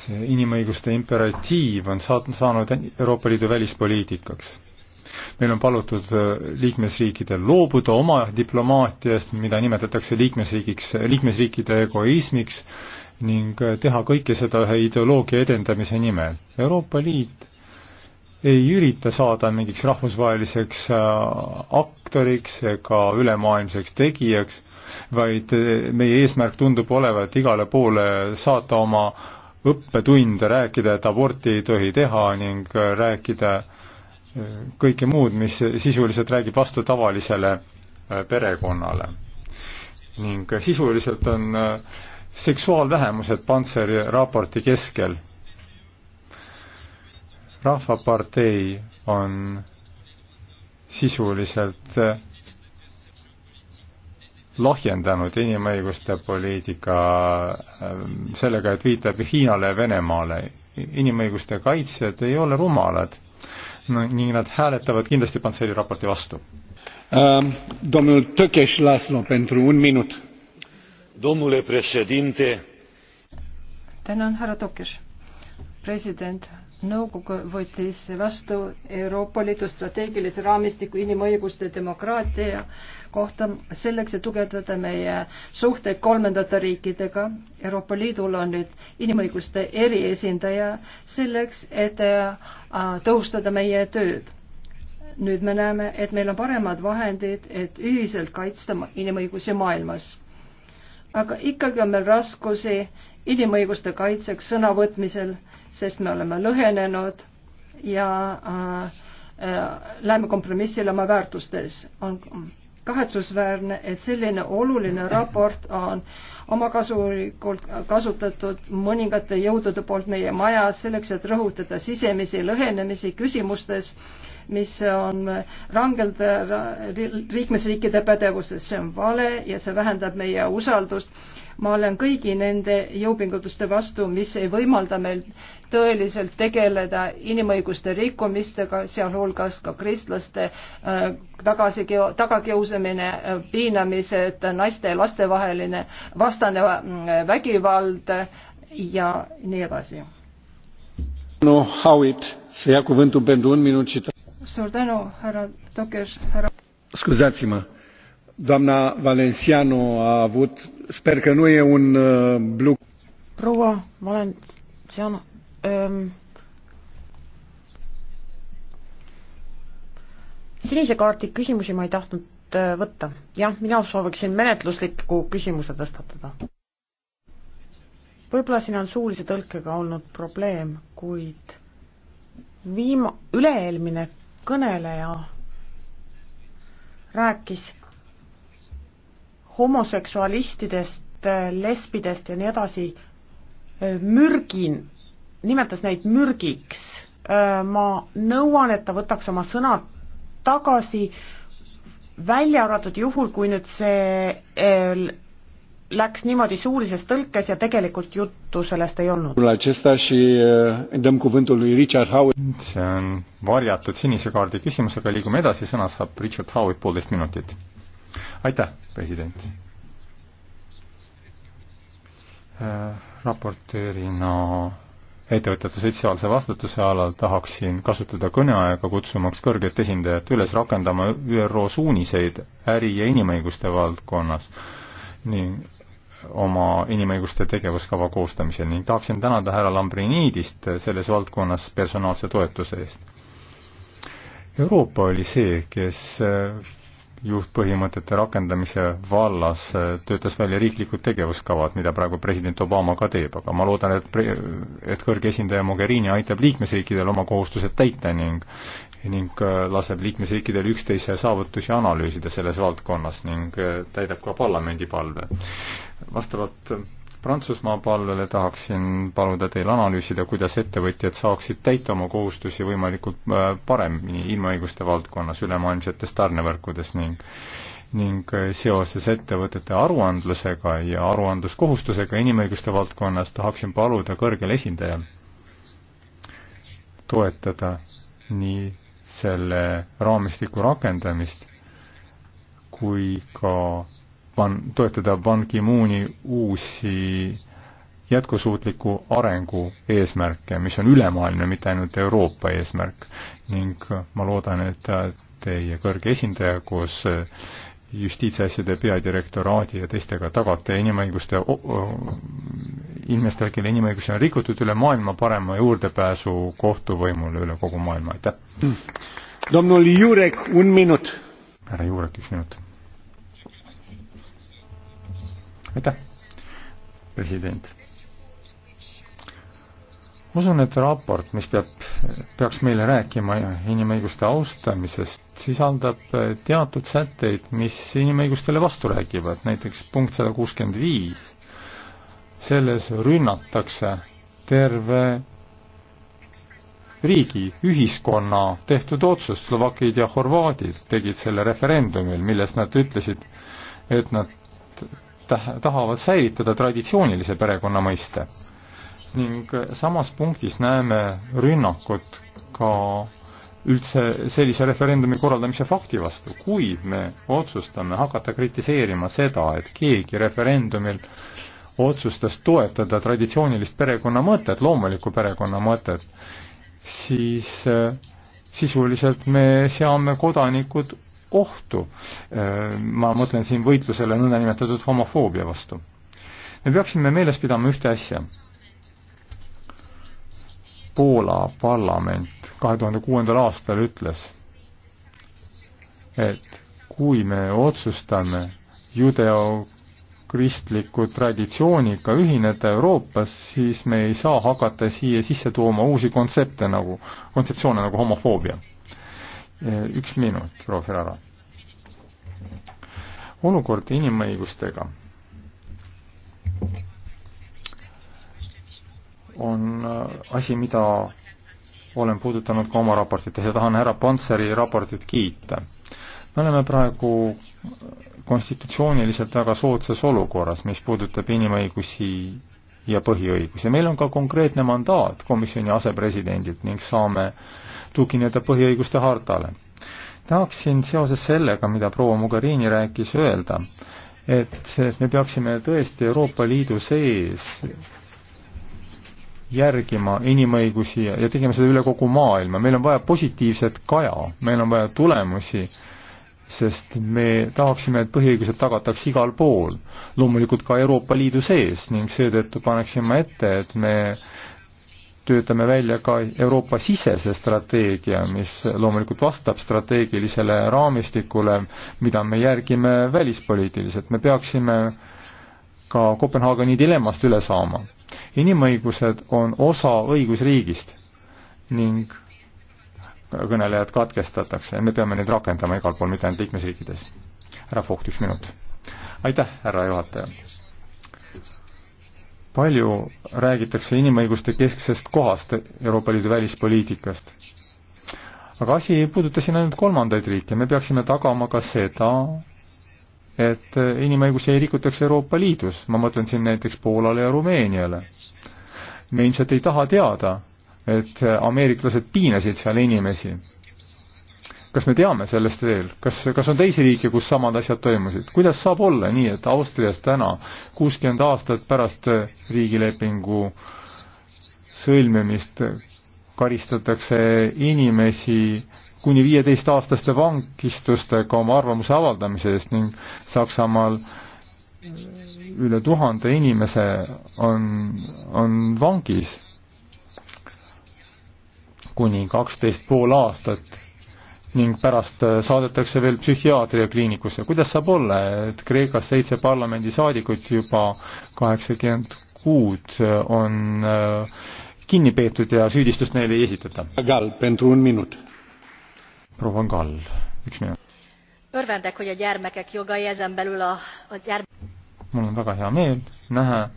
see inimõiguste imperatiiv on saat-, saanud Euroopa Liidu välispoliitikaks. meil on palutud äh, liikmesriikidel loobuda oma diplomaatiast, mida nimetatakse liikmesriigiks, liikmesriikide egoismiks, ning äh, teha kõike seda ühe ideoloogia edendamise nimel. Euroopa Liit ei ürita saada mingiks rahvusvaheliseks äh, aktoriks ega ülemaailmseks tegijaks, vaid meie eesmärk tundub olevat igale poole saata oma õppetunde, rääkida, et aborti ei tohi teha ning äh, rääkida äh, kõike muud, mis sisuliselt räägib vastu tavalisele äh, perekonnale. ning sisuliselt on seksuaalvähemused Pantseri raporti keskel. rahvapartei on sisuliselt lahjendanud inimõiguste poliitika äh, sellega, et viitab Hiinale ja Venemaale. inimõiguste kaitsjad ei ole rumalad no, ning nad hääletavad kindlasti Panseri raporti vastu ähm,. Domnul Tökes Laslo, pentru un minut. Domnule președinte. tänan, härra Tökes. president, nõukogu võttis vastu Euroopa Liidu strateegilise raamistiku inimõiguste demokraatia kohta selleks, et tugevdada meie suhteid kolmandate riikidega. Euroopa Liidul on nüüd inimõiguste eriesindaja selleks, et äh, tõhustada meie tööd. nüüd me näeme, et meil on paremad vahendid, et ühiselt kaitsta inimõigusi maailmas. aga ikkagi on meil raskusi inimõiguste kaitseks sõnavõtmisel, sest me oleme lõhenenud ja äh, äh, läheme kompromissile oma väärtustes. on kahetsusväärne, et selline oluline raport on omakasulikult kasutatud mõningate jõudude poolt meie majas selleks, et rõhutada sisemisi lõhenemisi küsimustes, mis on rangelt liikmesriikide pädevuses, see on vale ja see vähendab meie usaldust. ma olen kõigi nende jõupingutuste vastu, mis ei võimalda meil tõeliselt tegeleda inimõiguste rikkumistega, sealhulgas ka kristlaste äh, tagasi, tagakiusamine, äh, piinamised, naiste ja laste vaheline vastane mm, vägivald ja nii edasi. no Howard, see jääb cuvântul pentru un minut și suur tänu, härra Tokes, härra. scuzați-mă, doamna Valenciano a avut, sper că nu e un uh, blu. proua Valenciano ähm, sinise kaardi küsimusi ma ei tahtnud äh, võtta. jah, mina sooviksin menetluslikku küsimuse tõstatada. võib-olla siin on suulise tõlkega olnud probleem, kuid viima-, üle-eelmine kõneleja rääkis homoseksualistidest, äh, lesbidest ja nii edasi äh, mürgin, nimetas neid mürgiks. ma nõuan, et ta võtaks oma sõnad tagasi, välja arvatud juhul, kui nüüd see e, läks niimoodi suulises tõlkes ja tegelikult juttu sellest ei olnud. E, see on varjatud sinise kaardi küsimus, aga liigume edasi, sõna saab Richard Howitt poolteist minutit. aitäh, president äh,. raportöörina ettevõtjate sotsiaalse vastutuse alal tahaksin kasutada kõneaega, kutsumaks kõrget esindajat üles rakendama ÜRO suuniseid äri- ja inimõiguste valdkonnas ning oma inimõiguste tegevuskava koostamisel ning tahaksin tänada härra Lambriniidist selles valdkonnas personaalse toetuse eest. Euroopa oli see, kes juhtpõhimõtete rakendamise vallas eh, töötas välja riiklikud tegevuskavad, mida praegu president Obama ka teeb, aga ma loodan, et pre-, et kõrge esindaja Mogherini aitab liikmesriikidel oma kohustused täita ning ning eh, laseb liikmesriikidel üksteise saavutusi analüüsida selles valdkonnas ning eh, täidab ka parlamendi palve. vastavalt Prantsusmaa palvele tahaksin paluda teil analüüsida, kuidas ettevõtjad saaksid täita oma kohustusi võimalikult äh, paremini inimõiguste valdkonnas ülemaailmsetes tarnevõrkudes ning ning äh, seoses ettevõtete aruandlusega ja aruandluskohustusega inimõiguste valdkonnas tahaksin paluda kõrgel esindajal toetada nii selle raamistiku rakendamist kui ka Ban, toetada Ban Ki-mooni uusi jätkusuutliku arengu eesmärke, mis on ülemaailmne, mitte ainult Euroopa eesmärk. ning ma loodan, et teie kõrge esindaja koos justiitsasjade peadirektoraadi ja teistega tagate inimõiguste inimestele, kelle inimõigusi on rikutud üle maailma, parema juurdepääsu kohtuvõimule üle kogu maailma, aitäh! Hmm. härra Juurek, üks minut aitäh, president. usun, et raport, mis peab, peaks meile rääkima inimõiguste austamisest, sisaldab teatud sätteid, mis inimõigustele vastu räägivad, näiteks punkt sada kuuskümmend viis. selles rünnatakse terve riigi, ühiskonna tehtud otsus, slovakid ja horvaadid tegid selle referendumil, milles nad ütlesid, et nad tahavad säilitada traditsioonilise perekonna mõiste. ning samas punktis näeme rünnakut ka üldse sellise referendumi korraldamise fakti vastu, kui me otsustame hakata kritiseerima seda, et keegi referendumil otsustas toetada traditsioonilist perekonna mõtet, loomulikku perekonna mõtet, siis eh, sisuliselt me seame kodanikud ohtu. Äh, ma mõtlen siin võitlusele nõndanimetatud homofoobia vastu. me peaksime meeles pidama ühte asja. Poola parlament kahe tuhande kuuendal aastal ütles, et kui me otsustame judeo kristliku traditsiooniga ühineda Euroopas, siis me ei saa hakata siia sisse tooma uusi kontsepte nagu, kontseptsioone nagu homofoobia Eh, üks minut, proua Ferrara. olukord inimõigustega on eh, asi, mida olen puudutanud ka oma raportites ja tahan härra Pantseri raportit kiita. me oleme praegu konstitutsiooniliselt väga soodsas olukorras, mis puudutab inimõigusi ja põhiõigusi. meil on ka konkreetne mandaat komisjoni asepresidendilt ning saame äh, tugineda põhiõiguste hartale. tahaksin seoses sellega, mida proua Mugarini rääkis, öelda, et me peaksime tõesti Euroopa Liidu sees järgima inimõigusi ja, ja tegema seda üle kogu maailma, meil on vaja positiivset kaja, meil on vaja tulemusi, sest me tahaksime, et põhiõigused tagataks igal pool, loomulikult ka Euroopa Liidu sees ning seetõttu paneksin ma ette, et me töötame välja ka Euroopa-sisese strateegia, mis loomulikult vastab strateegilisele raamistikule, mida me järgime välispoliitiliselt, me peaksime ka Kopenhaageni dilemmast üle saama. inimõigused on osa õigusriigist ning kõnelejad katkestatakse ja me peame neid rakendama igal pool, mitte ainult liikmesriikides. härra Voht, üks minut. aitäh, härra juhataja palju räägitakse inimõiguste kesksest kohast Euroopa Liidu välispoliitikast. aga asi ei puuduta siin ainult kolmandaid riike, me peaksime tagama ka seda, et inimõigusi ei rikutaks Euroopa Liidus, ma mõtlen siin näiteks Poolale ja Rumeeniale. me ilmselt ei taha teada, et ameeriklased piinasid seal inimesi kas me teame sellest veel, kas, kas on teisi riike, kus samad asjad toimusid? kuidas saab olla nii, et Austrias täna, kuuskümmend aastat pärast riigilepingu sõlmimist, karistatakse inimesi kuni viieteist-aastaste vangistustega oma arvamuse avaldamise eest ning Saksamaal üle tuhande inimese on, on vangis kuni kaksteist pool aastat ning pärast äh, saadetakse veel psühhiaatriakliinikusse. kuidas saab olla, et Kreekas seitse parlamendisaadikut juba kaheksakümmend kuud äh, on äh, kinni peetud ja süüdistust neile ei esitata? proua Gall, üks minut. Örvendek, hogy a gyermekek jogai ezen belül a, a gyermek... mul on väga hea meel näha,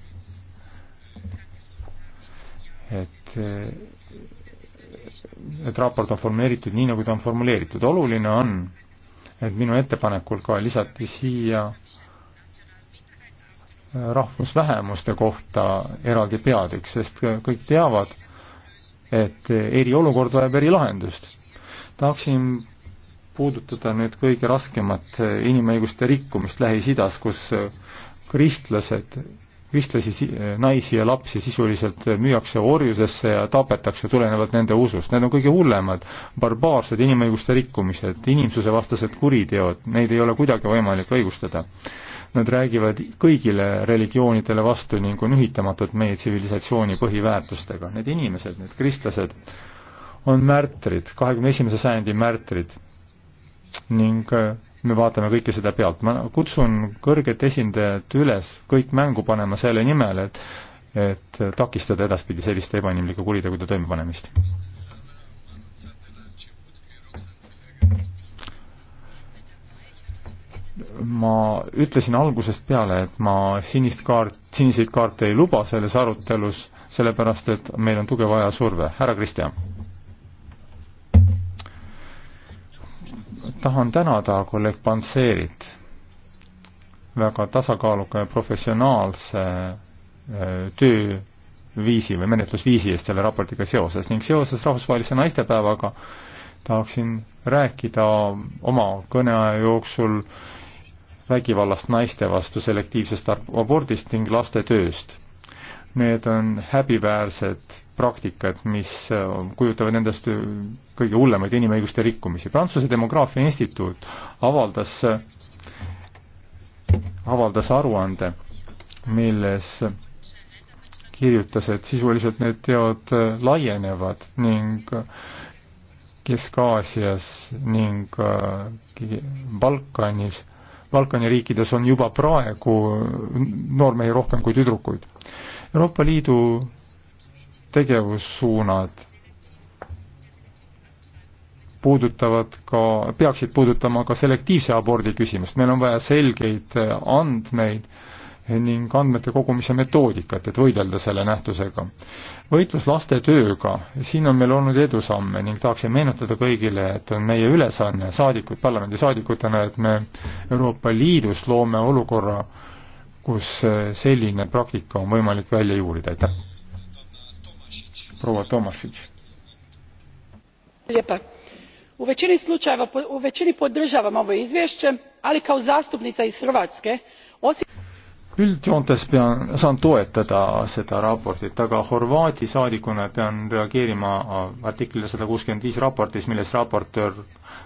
et et raport on formuleeritud nii, nagu ta on formuleeritud. oluline on, et minu ettepanekul ka lisati siia rahvusvähemuste kohta eraldi peatükk, sest kõik teavad, et eriolukord vajab erilahendust. tahaksin puudutada nüüd kõige raskemat inimõiguste rikkumist Lähis-Idas, kus kristlased kristlasi, naisi ja lapsi sisuliselt müüakse orjusesse ja tapetakse tulenevalt nende usust. Need on kõige hullemad barbaarsed inimõiguste rikkumised, inimsusevastased kuriteod, neid ei ole kuidagi võimalik õigustada. Nad räägivad kõigile religioonidele vastu ning on ühitamatud meie tsivilisatsiooni põhiväärtustega. Need inimesed, need kristlased, on märtrid, kahekümne esimese sajandi märtrid ning äh, me vaatame kõike seda pealt. ma kutsun kõrget esindajat üles kõik mängu panema selle nimel, et et takistada edaspidi selliste ebainimlike kuritegude toimepanemist. ma ütlesin algusest peale, et ma sinist kaart, siniseid kaarte ei luba selles arutelus, sellepärast et meil on tuge vaja surve. härra Kristjan tahan tänada kolleeg Panseerit väga tasakaaluka ja professionaalse äh, tööviisi või menetlusviisi eest selle raportiga seoses ning seoses rahvusvahelise naistepäevaga tahaksin rääkida oma kõneaja jooksul vägivallast naiste vastu, selektiivsest abordist ning laste tööst. Need on häbiväärsed praktikad, mis äh, kujutavad endast äh, kõige hullemaid inimõiguste rikkumisi. Prantsuse Demograafia Instituut avaldas, äh, avaldas aruande, milles kirjutas, et sisuliselt need teod laienevad ning Kesk-Aasias ning Balkanis, Balkani riikides on juba praegu noormehi rohkem kui tüdrukuid. Euroopa Liidu tegevussuunad puudutavad ka, peaksid puudutama ka selektiivse abordi küsimust, meil on vaja selgeid andmeid ning andmete kogumise metoodikat, et võidelda selle nähtusega. võitlus laste tööga, siin on meil olnud edusamme ning tahaksin meenutada kõigile, et on meie ülesanne saadikud, parlamendisaadikutena, et me Euroopa Liidus loome olukorra, kus selline praktika on võimalik välja juurida, aitäh! proua Tomašić. Lijepa. U većini slučajeva, u većini podržavam ovo izvješće, ali kao zastupnica iz Hrvatske, osim üldjoontes pean, saan toetada seda raportit, aga Horvaati saadikuna pean reageerima äh, artiklile sada kuuskümmend viis raportis, milles raportöör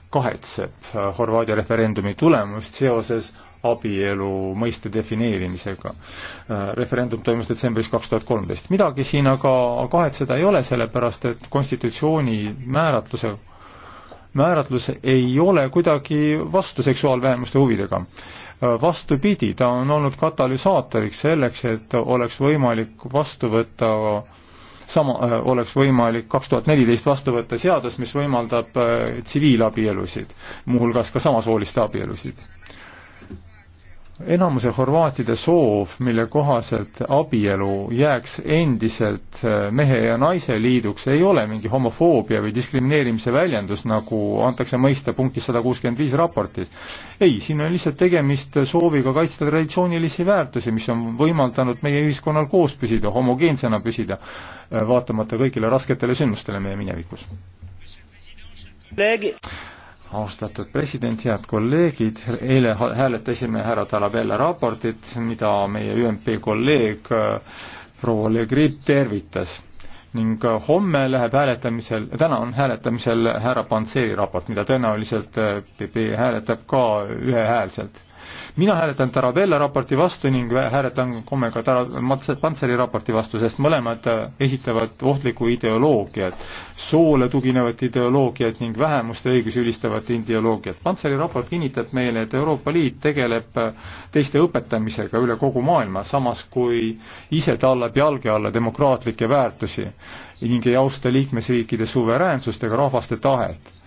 kahetseb äh, Horvaadia referendumi tulemust seoses abielu mõiste defineerimisega. Äh, referendum toimus detsembris kaks tuhat kolmteist. midagi siin aga kahetseda ei ole, sellepärast et konstitutsiooni määratluse, määratlus ei ole kuidagi vastu seksuaalvähemuste huvidega. Äh, vastupidi, ta on olnud katalüsaatoriks selleks, et oleks võimalik vastu võtta sama, äh, oleks võimalik kaks tuhat neliteist vastu võtta seadus, mis võimaldab tsiviilabielusid, muuhulgas ka samasooliste abielusid enamuse horvaatide soov, mille kohaselt abielu jääks endiselt äh, mehe ja naise liiduks, ei ole mingi homofoobia või diskrimineerimise väljendus, nagu antakse mõista punktis sada kuuskümmend viis raportis. ei, siin on lihtsalt tegemist sooviga kaitsta traditsioonilisi väärtusi, mis on võimaldanud meie ühiskonnal koos püsida, homogeensena püsida, äh, vaatamata kõigile rasketele sündmustele meie minevikus austatud president, head kolleegid, eile hääletasime härra Tarabella raportit, mida meie ÜMP kolleeg äh, proua Le Grip tervitas ning äh, homme läheb hääletamisel, täna on hääletamisel härra Panseri raport, mida tõenäoliselt PP äh, hääletab ka ühehäälselt mina hääletan Tarabella raporti vastu ning hääletan homme ka Tara-, Pantseri raporti vastu, sest mõlemad äh, esitlevad ohtlikku ideoloogiat, soole tuginevat ideoloogiat ning vähemuste õigusi ülistavat ideoloogiat. Pantseri raport kinnitab meile, et Euroopa Liit tegeleb äh, teiste õpetamisega üle kogu maailma, samas kui ise tallab jalge alla demokraatlikke väärtusi ning ei austa liikmesriikide suveräänsust ega rahvaste tahet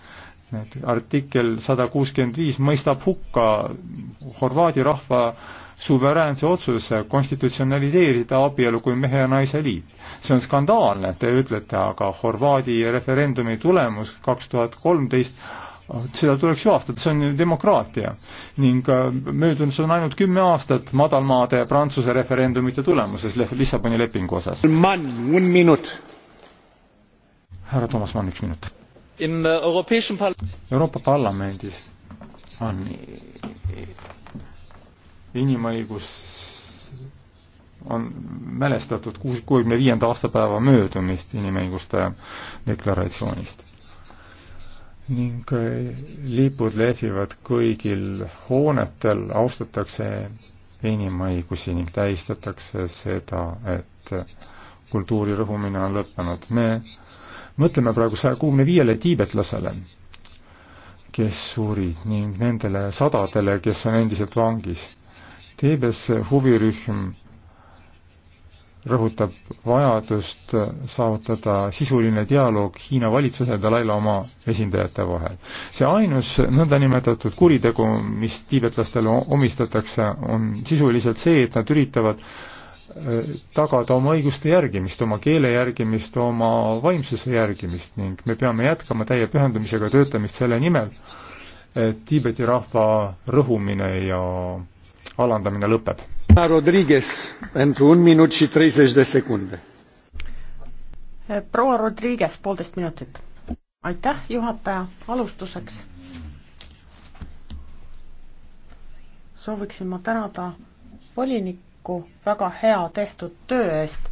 need artikkel sada kuuskümmend viis mõistab hukka Horvaadi rahva suveräänse otsuse konstitutsionaliseerida abielu kui mehe ja naise liit. see on skandaalne, te ütlete, aga Horvaadi referendumi tulemus kaks tuhat kolmteist seda tuleks juhastada, see on ju demokraatia. ning äh, möödunud on ainult kümme aastat madalmaade ja Prantsuse referendumite tulemuses Lissaboni lepingu osas. Mann, un minut. härra Toomas Mann, üks minut Äh, Euroopa Parlamendis on inimõigus, on mälestatud kuus, kuuekümne viienda aastapäeva möödumist inimõiguste deklaratsioonist. ning äh, lipud lehvivad kõigil hoonetel, austatakse inimõigusi ning tähistatakse seda, et kultuuri rõhumine on lõppenud. me mõtleme praegu saja kuuekümne viiele tiibetlasele, kes surid ning nendele sadadele, kes on endiselt vangis. Teebes huvirühm rõhutab vajadust saavutada sisuline dialoog Hiina valitsuse ja Dalai-laama esindajate vahel. see ainus nõndanimetatud kuritegu, mis tiibetlastele omistatakse, on sisuliselt see, et nad üritavad tagada oma õiguste järgimist, oma keele järgimist, oma vaimsuse järgimist ning me peame jätkama täie pühendumisega töötamist selle nimel, et Tiibeti rahva rõhumine ja alandamine lõpeb. Rodriguez, pentru un minut și 30 de secunde. proua Rodriguez, poolteist minutit. aitäh, juhataja, alustuseks sooviksin ma tänada volinikku Tšehhu väga hea tehtud töö eest.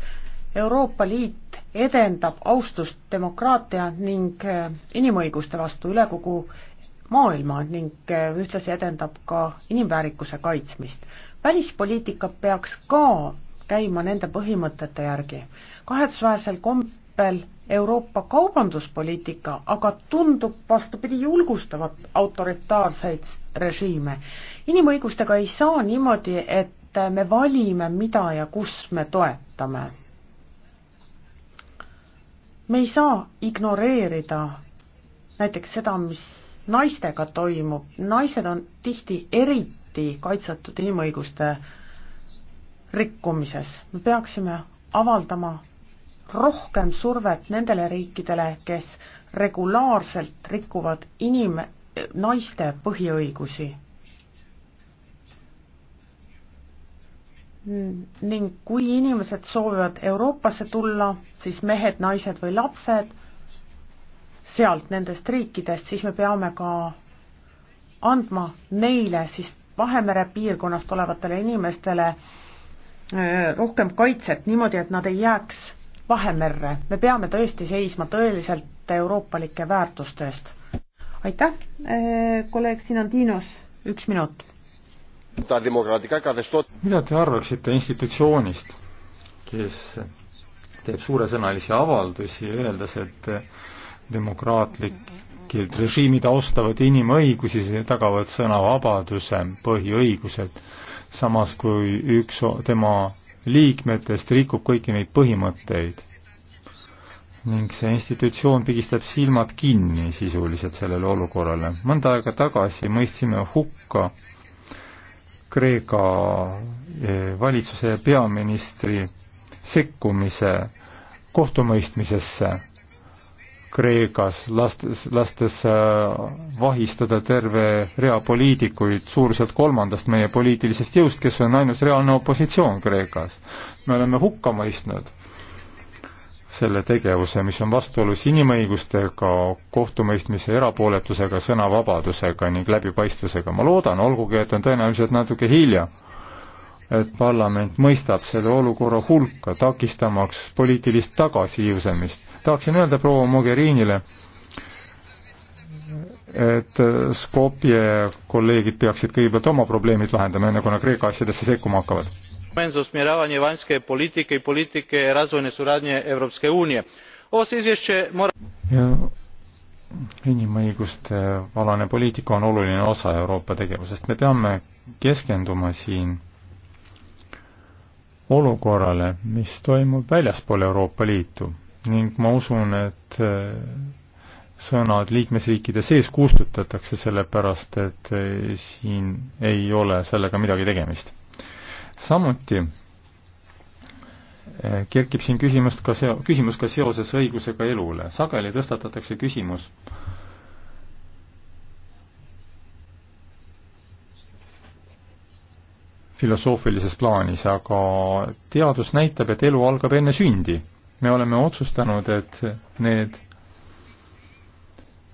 Euroopa Liit edendab austust demokraatia ning eh, inimõiguste vastu üle kogu maailma ning eh, ühtlasi edendab ka inimväärikuse kaitsmist. välispoliitika peaks ka käima nende põhimõtete järgi. kahetsusväärsel kombel Euroopa kaubanduspoliitika aga tundub vastupidi julgustavat autoritaarseid režiime. inimõigustega ei saa niimoodi, et et me valime, mida ja kus me toetame. me ei saa ignoreerida näiteks seda, mis naistega toimub, naised on tihti eriti kaitsetud inimõiguste rikkumises, me peaksime avaldama rohkem survet nendele riikidele, kes regulaarselt rikuvad inim-, naiste põhiõigusi ning kui inimesed soovivad Euroopasse tulla, siis mehed, naised või lapsed sealt nendest riikidest, siis me peame ka andma neile siis Vahemere piirkonnast olevatele inimestele äh, rohkem kaitset niimoodi, et nad ei jääks Vahemerre, me peame tõesti seisma tõeliselt euroopalike väärtuste eest. aitäh, äh, kolleeg Sinandinos, üks minut mida te arvaksite institutsioonist, kes teeb suuresõnalisi avaldusi, öeldes, et demokraatlikud režiimid austavad inimõigusi, tagavad sõnavabaduse, põhiõigused, samas kui üks tema liikmetest rikub kõiki neid põhimõtteid ning see institutsioon pigistab silmad kinni sisuliselt sellele olukorrale. mõnda aega tagasi mõistsime hukka Kreeka eh, valitsuse ja peaministri sekkumise kohtumõistmisesse Kreekas, lastes, lastes eh, vahistada terve rea poliitikuid, suuruselt kolmandast meie poliitilisest jõust, kes on ainus reaalne opositsioon Kreekas. me oleme hukka mõistnud selle tegevuse, mis on vastuolus inimõigustega, kohtumõistmise erapooletusega, sõnavabadusega ning läbipaistvusega. ma loodan, olgugi et on tõenäoliselt natuke hilja, et parlament mõistab selle olukorra hulka, takistamaks poliitilist tagasiiusemist. tahaksin öelda proua Mogherinile, et Skopje kolleegid peaksid kõigepealt oma probleemid lahendama, enne kui nad Kreeka asjadesse sekkuma hakkavad za usmjeravanje vanjske politike i politike razvojne suradnje europske unije. ovo se izvješće mora. inimõiguste äh, alane poliitika on oluline osa euroopa tegevusest me peame keskenduma siin olukorrale mis toimub väljaspool euroopa liitu ning ma usun et äh, sõnad liikmesriikide sees kustutatakse, sellepärast et äh, siin ei ole sellega midagi tegemist samuti eh, kerkib siin küsimust ka seo-, küsimus ka seoses õigusega elule. sageli tõstatatakse küsimus, filosoofilises plaanis, aga teadus näitab, et elu algab enne sündi. me oleme otsustanud, et need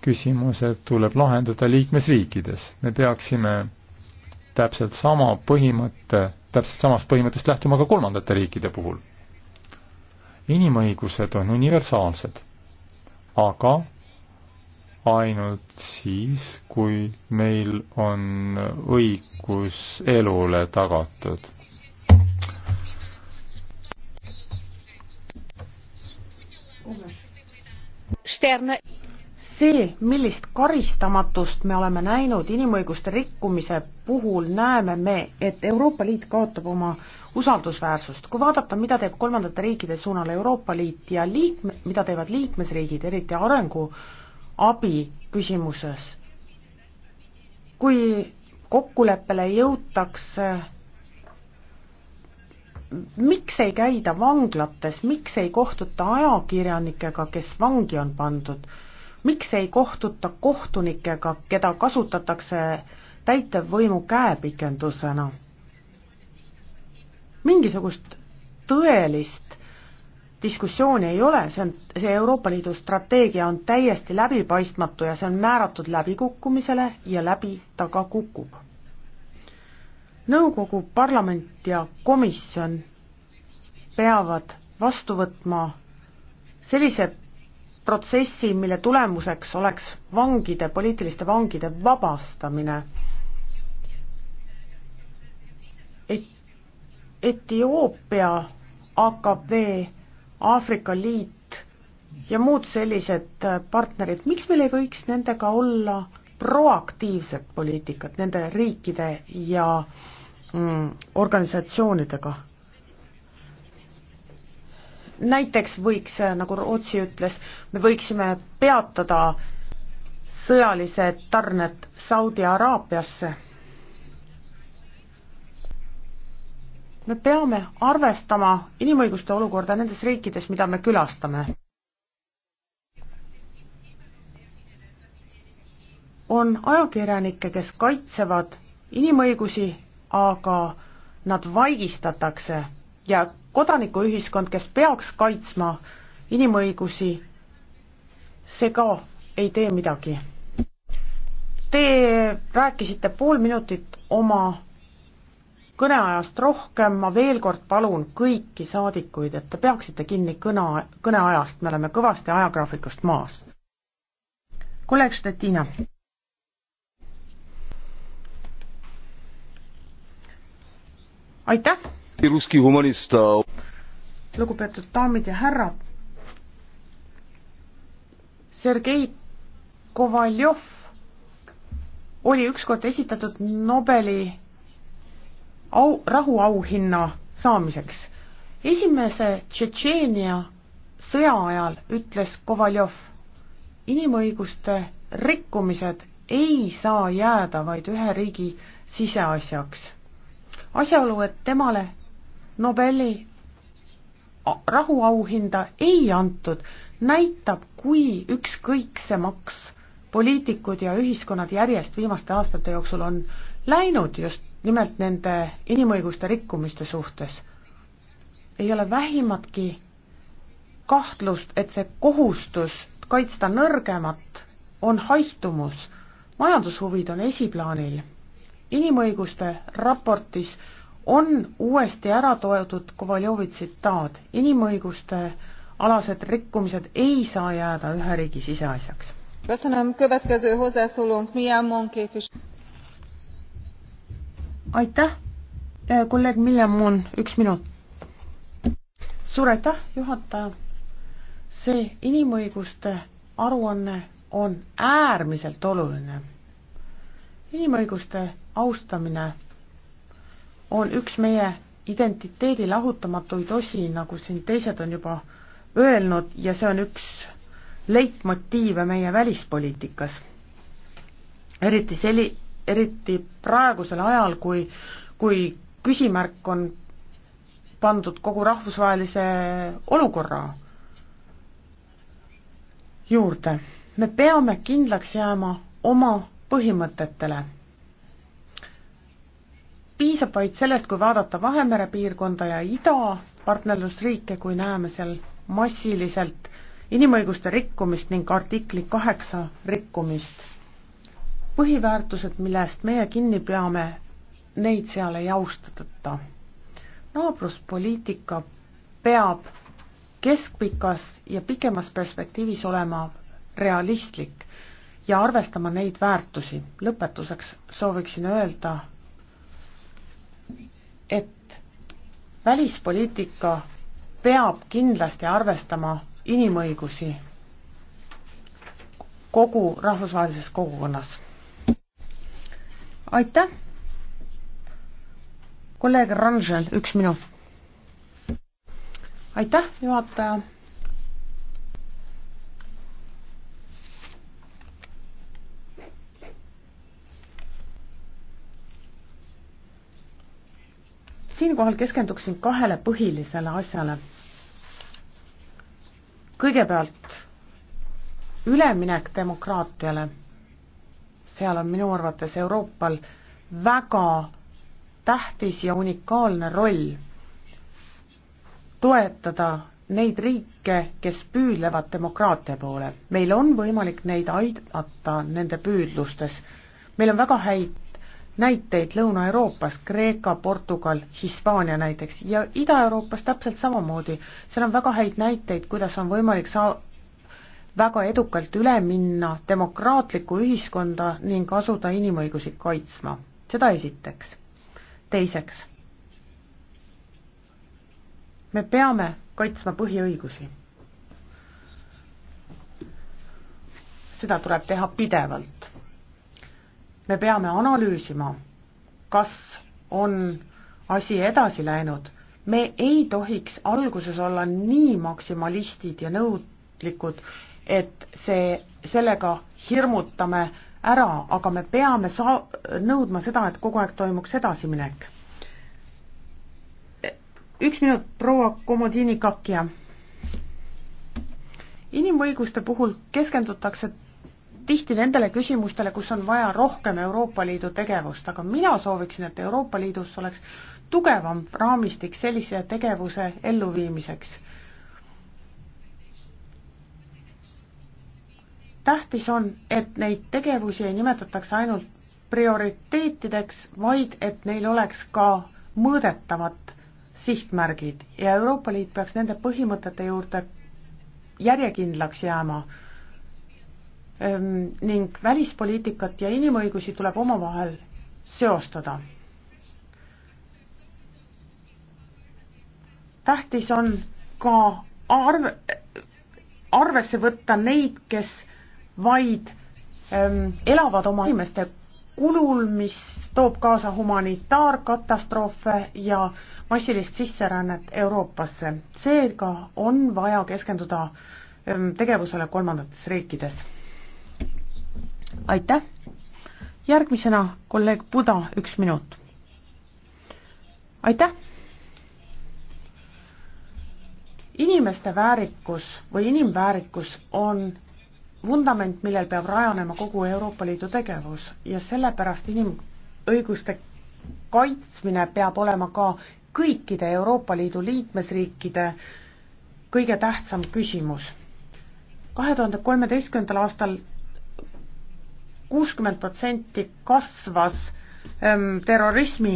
küsimused tuleb lahendada liikmesriikides. me peaksime täpselt sama põhimõte, täpselt samast põhimõttest lähtuma ka kolmandate riikide puhul. inimõigused on universaalsed, aga ainult siis, kui meil on õigus elule tagatud. Sterne see, millist karistamatust me oleme näinud inimõiguste rikkumise puhul, näeme me, et Euroopa Liit kaotab oma usaldusväärsust. kui vaadata, mida teeb kolmandate riikide suunal Euroopa Liit ja liikme, mida teevad liikmesriigid, eriti arenguabi küsimuses, kui kokkuleppele jõutakse miks ei käida vanglates, miks ei kohtuta ajakirjanikega, kes vangi on pandud, miks ei kohtuta kohtunikega, keda kasutatakse täitevvõimu käepikendusena? mingisugust tõelist diskussiooni ei ole, see on, see Euroopa Liidu strateegia on täiesti läbipaistmatu ja see on määratud läbikukkumisele ja läbi ta ka kukub. nõukogu, parlament ja komisjon peavad vastu võtma sellise protsessi, mille tulemuseks oleks vangide, poliitiliste vangide vabastamine. et-, Etioopia, AKV, Aafrika Liit ja muud sellised partnerid, miks meil ei võiks nendega olla proaktiivset poliitikat nende riikide ja mm, organisatsioonidega? näiteks võiks, nagu Rootsi ütles, me võiksime peatada sõjalised tarned Saudi Araabiasse. me peame arvestama inimõiguste olukorda nendes riikides, mida me külastame. on ajakirjanikke, kes kaitsevad inimõigusi, aga nad vaigistatakse ja kodanikuühiskond, kes peaks kaitsma inimõigusi, see ka ei tee midagi. Te rääkisite pool minutit oma kõneajast rohkem, ma veel kord palun kõiki saadikuid, et te peaksite kinni kõne, kõneajast, me oleme kõvasti ajagraafikust maas. kolleeg Stettina. aitäh! lugupeetud daamid ja härrad. Sergei Kovaljov oli ükskord esitatud Nobeli au, rahuauhinna saamiseks. esimese Tšetšeenia sõja ajal ütles Kovaljov, inimõiguste rikkumised ei saa jääda vaid ühe riigi siseasjaks. asjaolu, et temale Nobeli rahuauhinda ei antud, näitab, kui ükskõiksemaks poliitikud ja ühiskonnad järjest viimaste aastate jooksul on läinud just nimelt nende inimõiguste rikkumiste suhtes. ei ole vähimatki kahtlust, et see kohustus kaitsta nõrgemat on haihtumus, majandushuvid on esiplaanil. inimõiguste raportis on uuesti ära toodud Kovaljovi tsitaat, inimõiguste alased rikkumised ei saa jääda ühe riigi siseasjaks. aitäh, eh, kolleeg Millemon, üks minut. suur aitäh, juhataja. see inimõiguste aruanne on äärmiselt oluline. inimõiguste austamine on üks meie identiteedi lahutamatuid osi, nagu siin teised on juba öelnud, ja see on üks leitmotiive meie välispoliitikas. eriti seli-, eriti praegusel ajal, kui, kui küsimärk on pandud kogu rahvusvahelise olukorra juurde. me peame kindlaks jääma oma põhimõtetele piisab vaid sellest, kui vaadata Vahemere piirkonda ja idapartnerlusriike, kui näeme seal massiliselt inimõiguste rikkumist ning artikli kaheksa rikkumist. põhiväärtused, millest meie kinni peame, neid seal ei austata. naabruspoliitika peab keskpikas ja pikemas perspektiivis olema realistlik ja arvestama neid väärtusi. lõpetuseks sooviksin öelda, et välispoliitika peab kindlasti arvestama inimõigusi kogu rahvusvahelises kogukonnas. aitäh! kolleeg Rangel, üks minut. aitäh, juhataja siinkohal keskenduksin kahele põhilisele asjale. kõigepealt üleminek demokraatiale. seal on minu arvates Euroopal väga tähtis ja unikaalne roll toetada neid riike, kes püüdlevad demokraatia poole. meil on võimalik neid aidata nende püüdlustes. meil on väga häid näiteid Lõuna-Euroopas, Kreeka, Portugal, Hispaania näiteks ja Ida-Euroopas täpselt samamoodi. seal on väga häid näiteid, kuidas on võimalik saa-, väga edukalt üle minna demokraatlikku ühiskonda ning asuda inimõigusi kaitsma. seda esiteks. teiseks, me peame kaitsma põhiõigusi. seda tuleb teha pidevalt me peame analüüsima, kas on asi edasi läinud. me ei tohiks alguses olla nii maksimalistid ja nõudlikud, et see, sellega hirmutame ära, aga me peame saa-, nõudma seda, et kogu aeg toimuks edasiminek. üks minut, proua Komodini Kakja. inimõiguste puhul keskendutakse tihti nendele küsimustele, kus on vaja rohkem Euroopa Liidu tegevust, aga mina sooviksin, et Euroopa Liidus oleks tugevam raamistik sellise tegevuse elluviimiseks. tähtis on, et neid tegevusi ei nimetataks ainult prioriteetideks, vaid et neil oleks ka mõõdetavad sihtmärgid ja Euroopa Liit peaks nende põhimõtete juurde järjekindlaks jääma Ehm, ning välispoliitikat ja inimõigusi tuleb omavahel seostada. tähtis on ka arv, arvesse võtta neid, kes vaid ähm, elavad oma inimeste kulul, mis toob kaasa humanitaarkatastroofe ja massilist sisserännet Euroopasse. seega on vaja keskenduda ehm, tegevusele kolmandates riikides aitäh! järgmisena kolleeg Buda, üks minut. aitäh! inimeste väärikus või inimväärikus on vundament, millel peab rajanema kogu Euroopa Liidu tegevus ja sellepärast inimõiguste kaitsmine peab olema ka kõikide Euroopa Liidu liikmesriikide kõige tähtsam küsimus. kahe tuhande kolmeteistkümnendal aastal kuuskümmend protsenti kasvas ähm, terrorismi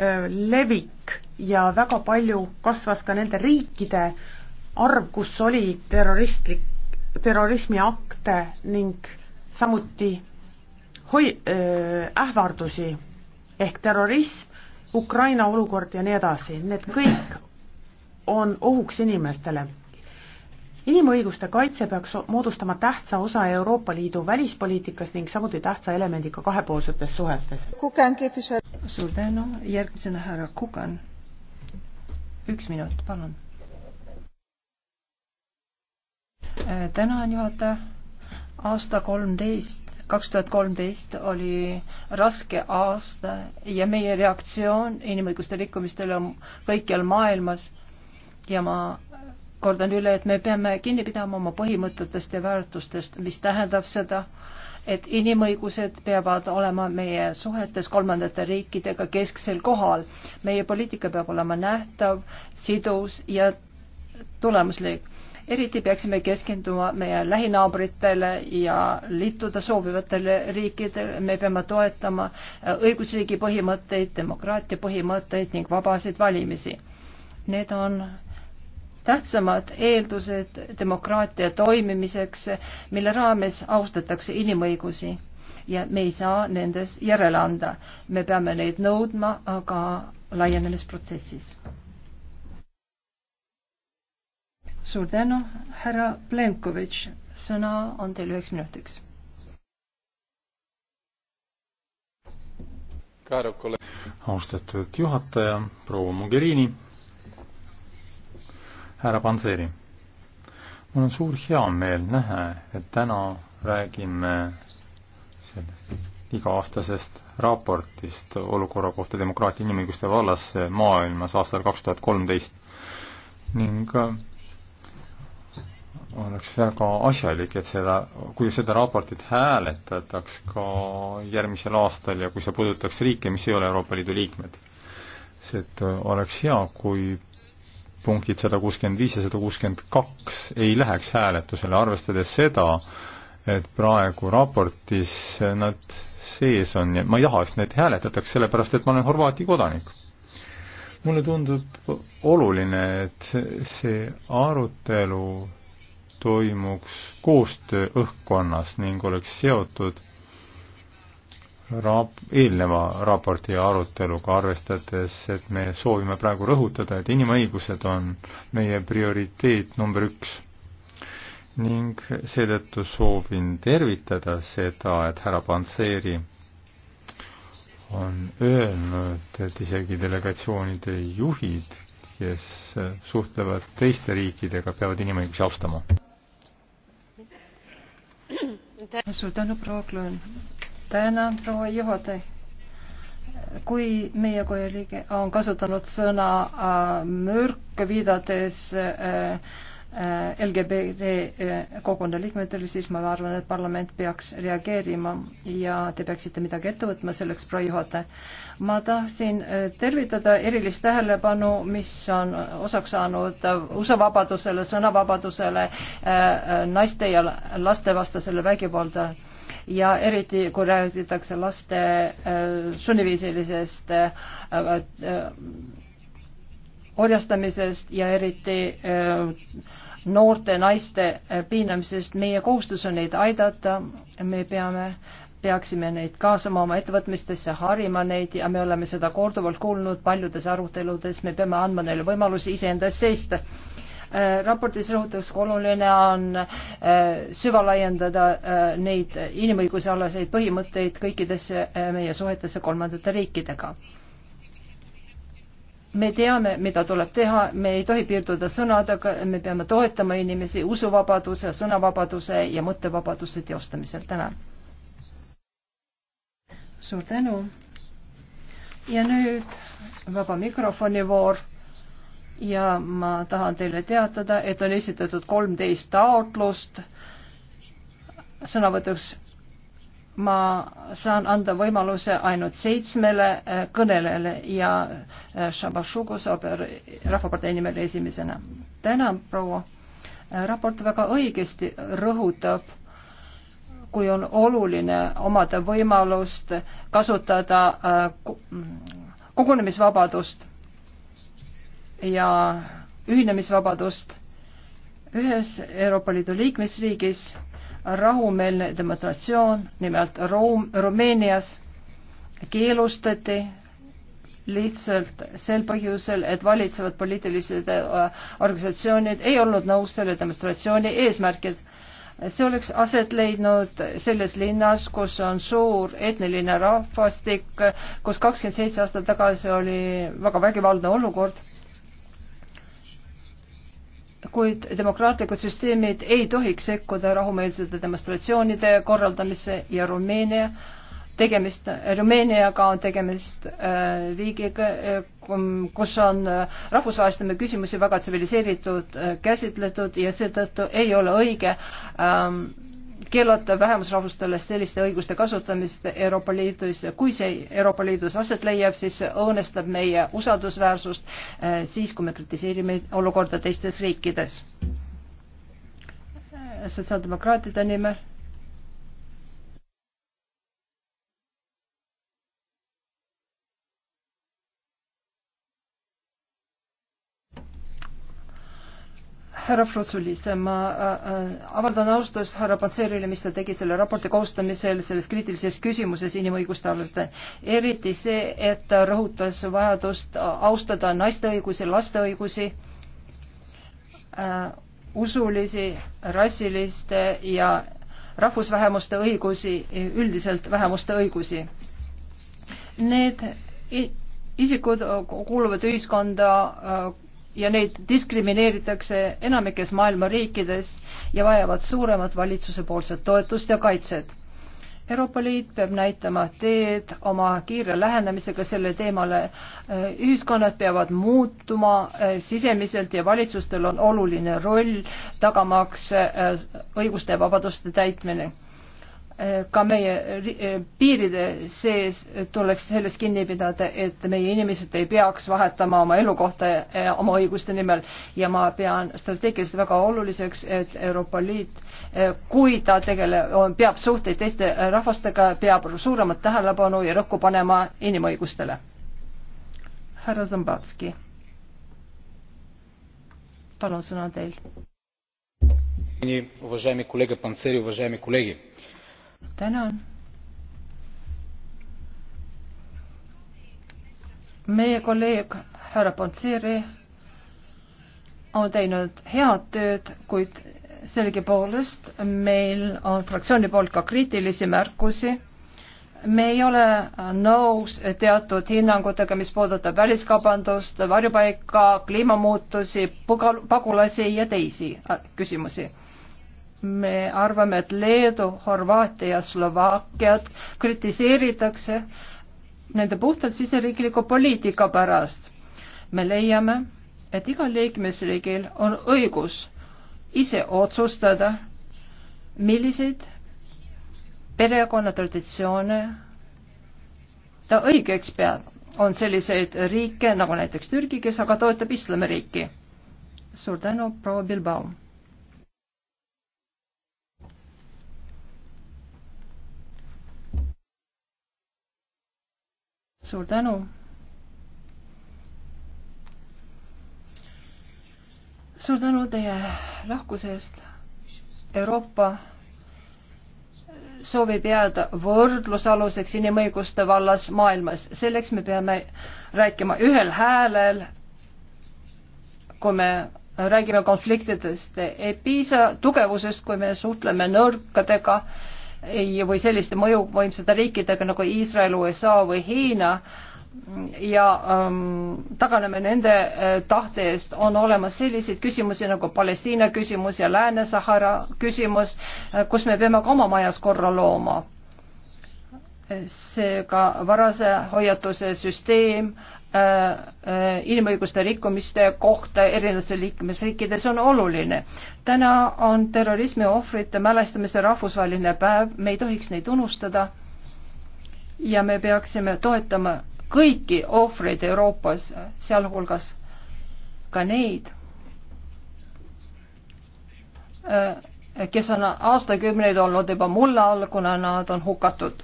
äh, levik ja väga palju kasvas ka nende riikide arv, kus oli terroristlik, terrorismiakte ning samuti hoi-, äh, ähvardusi ehk terrorism, Ukraina olukord ja nii edasi, need kõik on ohuks inimestele inimõiguste kaitse peaks moodustama tähtsa osa Euroopa Liidu välispoliitikas ning samuti tähtsa elemendiga kahepoolsetes suhetes. suur tänu, järgmisena härra Kukan. üks minut, palun. Äh, tänan, juhataja. aasta kolmteist, kaks tuhat kolmteist oli raske aasta ja meie reaktsioon inimõiguste rikkumistele on kõikjal maailmas ja ma kordan üle, et me peame kinni pidama oma põhimõtetest ja väärtustest, mis tähendab seda, et inimõigused peavad olema meie suhetes kolmandate riikidega kesksel kohal. meie poliitika peab olema nähtav, sidus ja tulemuslik. eriti peaksime keskenduma meie lähinaabritele ja liituda soovivatele riikidele. me peame toetama õigusriigi põhimõtteid, demokraatia põhimõtteid ning vabasid valimisi. Need on tähtsamad eeldused demokraatia toimimiseks, mille raames austatakse inimõigusi ja me ei saa nendes järele anda. me peame neid nõudma ka laienemisprotsessis. suur tänu, härra Plenkovitš, sõna on teil üheks minutiks. austatud juhataja, proua Mogherini härra Panseri. mul on suur heameel näha, et täna räägime sellest iga-aastasest raportist olukorra kohta demokraatia inimõiguste vallas maailmas aastal kaks tuhat kolmteist ning äh, oleks väga asjalik, et seda, kui seda raportit hääletataks ka järgmisel aastal ja kui see puudutaks riike, mis ei ole Euroopa Liidu liikmed. see, et äh, oleks hea, kui punktid sada kuuskümmend viis ja sada kuuskümmend kaks ei läheks hääletusele, arvestades seda, et praegu raportis nad sees on ja ma ei taha, et neid hääletataks, sellepärast et ma olen Horvaatia kodanik. mulle tundub oluline, et see arutelu toimuks koostööõhkkonnas ning oleks seotud raap-, eelneva raporti aruteluga, arvestades, et me soovime praegu rõhutada, et inimõigused on meie prioriteet number üks. ning seetõttu soovin tervitada seda, et härra Panseri on öelnud, et isegi delegatsioonide juhid, kes suhtlevad teiste riikidega, peavad inimõigusi austama. suur tänu, proua Kloon tänan, proua juhataja. kui meie koja liige on kasutanud sõna äh, mürk, viidates äh, äh, LGBT äh, kogukonna liikmetele, siis ma arvan, et parlament peaks reageerima ja te peaksite midagi ette võtma selleks, proua juhataja. ma tahtsin äh, tervitada erilist tähelepanu, mis on osaks saanud äh, usuvabadusele, sõnavabadusele, naiste ja lastevastasele vägivaldale ja eriti kui räägitakse laste äh, sunniviisilisest äh, äh, orjastamisest ja eriti noorte naiste piinamisest, meie kohustus on neid aidata, me peame, peaksime neid kaasama oma ettevõtmistesse, harima neid ja me oleme seda korduvalt kuulnud paljudes aruteludes, me peame andma neile võimalusi iseenda eest seista Äh, raportis rõhutatakse, kui oluline on äh, süvalaiendada äh, neid inimõiguse alaseid põhimõtteid kõikidesse meie suhetesse kolmandate riikidega. me teame, mida tuleb teha, me ei tohi piirduda sõnadega, me peame toetama inimesi usuvabaduse, sõnavabaduse ja mõttevabaduse teostamisel. tänan. suur tänu. ja nüüd vaba mikrofoni voor ja ma tahan teile teatada, et on esitatud kolmteist taotlust sõnavõtuks. ma saan anda võimaluse ainult seitsmele eh, kõnelejale ja eh, Šabašugu saab Rahvapartei nimel esimesena. tänan, proua. Eh, raport väga õigesti rõhutab kui on oluline omada võimalust kasutada mm, kogunemisvabadust ja ühinemisvabadust ühes Euroopa Liidu liikmesriigis rahumeelne demonstratsioon, nimelt Room, Rumeenias, keelustati lihtsalt sel põhjusel, et valitsevad poliitilised äh, organisatsioonid ei olnud nõus selle demonstratsiooni eesmärkil. see oleks aset leidnud selles linnas, kus on suur etniline rahvastik, kus kakskümmend seitse aastat tagasi oli väga vägivaldne olukord kuid demokraatlikud süsteemid ei tohiks sekkuda rahumeelsete demonstratsioonide korraldamisse ja Rumeenia tegemist, Rumeeniaga on tegemist äh, riigiga äh,, kus on äh, rahvusvahelistele küsimusi väga tsiviliseeritud äh, käsitletud ja seetõttu ei ole õige ähm, keelata vähemusrahvustele selliste õiguste kasutamist Euroopa Liidus ja kui see Euroopa Liidus aset leiab, siis õõnestab meie usaldusväärsust eh, siis, kui me kritiseerime olukorda teistes riikides. sotsiaaldemokraatide nimel härra Frutsulis, ma äh, äh, avaldan austust härra Patserile, mis ta tegi selle raporti koostamisel selles kriitilises küsimuses inimõiguste alusel. eriti see, et ta rõhutas vajadust austada naiste õigusi, laste õigusi äh,, usulisi, rassiliste ja rahvusvähemuste õigusi, üldiselt vähemuste õigusi. Need isikud kuuluvad ühiskonda äh, ja neid diskrimineeritakse enamikes maailma riikides ja vajavad suuremat valitsusepoolset toetust ja kaitset. Euroopa Liit peab näitama teed oma kiire lähenemisega selle teemale. ühiskonnad peavad muutuma eh, sisemiselt ja valitsustel on oluline roll tagamaks eh, õiguste ja vabaduste täitmine ka meie eh, piiride sees tuleks sellest kinni pidada, et meie inimesed ei peaks vahetama oma elukohta eh, oma õiguste nimel ja ma pean strateegiliselt väga oluliseks, et Euroopa Liit, eh, kui ta tegele-, peab suhteid teiste rahvastega, peab suuremat tähelepanu ja rõhku panema inimõigustele. härra Zambatski, palun sõna teil. Уважаеми колега Панцери, уважаеми колеги! tänan. meie kolleeg härra Pontsiri on teinud head tööd, kuid sellegipoolest meil on fraktsiooni poolt ka kriitilisi märkusi me ei ole nõus teatud hinnangutega, mis puudutab väliskaubandust, varjupaika, kliimamuutusi, pagulasi ja teisi äh, küsimusi me arvame, et Leedu, Horvaatia ja Slovakkiat kritiseeritakse nende puhtalt siseriikliku poliitika pärast. me leiame, et igal liikmesriigil on õigus ise otsustada, milliseid perekonnatraditsioone ta õigeks peab. on selliseid riike nagu näiteks Türgi, kes aga toetab islamiriiki. suur tänu, proua Bilbao suur tänu. suur tänu teie lahkuse eest. Euroopa soovib jääda võrdlusaluseks inimõiguste vallas maailmas. selleks me peame rääkima ühel häälel, kui me räägime konfliktidest. ei piisa tugevusest, kui me suhtleme nõrkadega või selliste mõjuvõimsate riikidega nagu Iisrael, USA või Hiina ja ähm, taganeme nende äh, tahte eest, on olemas selliseid küsimusi nagu Palestiina küsimus ja Lääne-Sahara küsimus äh,, kus me peame ka oma majas korra looma äh, seega varase hoiatuse süsteem Äh, äh, inimõiguste rikkumiste kohta erinevates liikmesriikides on oluline. täna on terrorismi ohvrite mälestamise rahvusvaheline päev, me ei tohiks neid unustada ja me peaksime toetama kõiki ohvreid Euroopas, sealhulgas ka neid, äh, kes on aastakümneid olnud juba mulla all, kuna nad on hukatud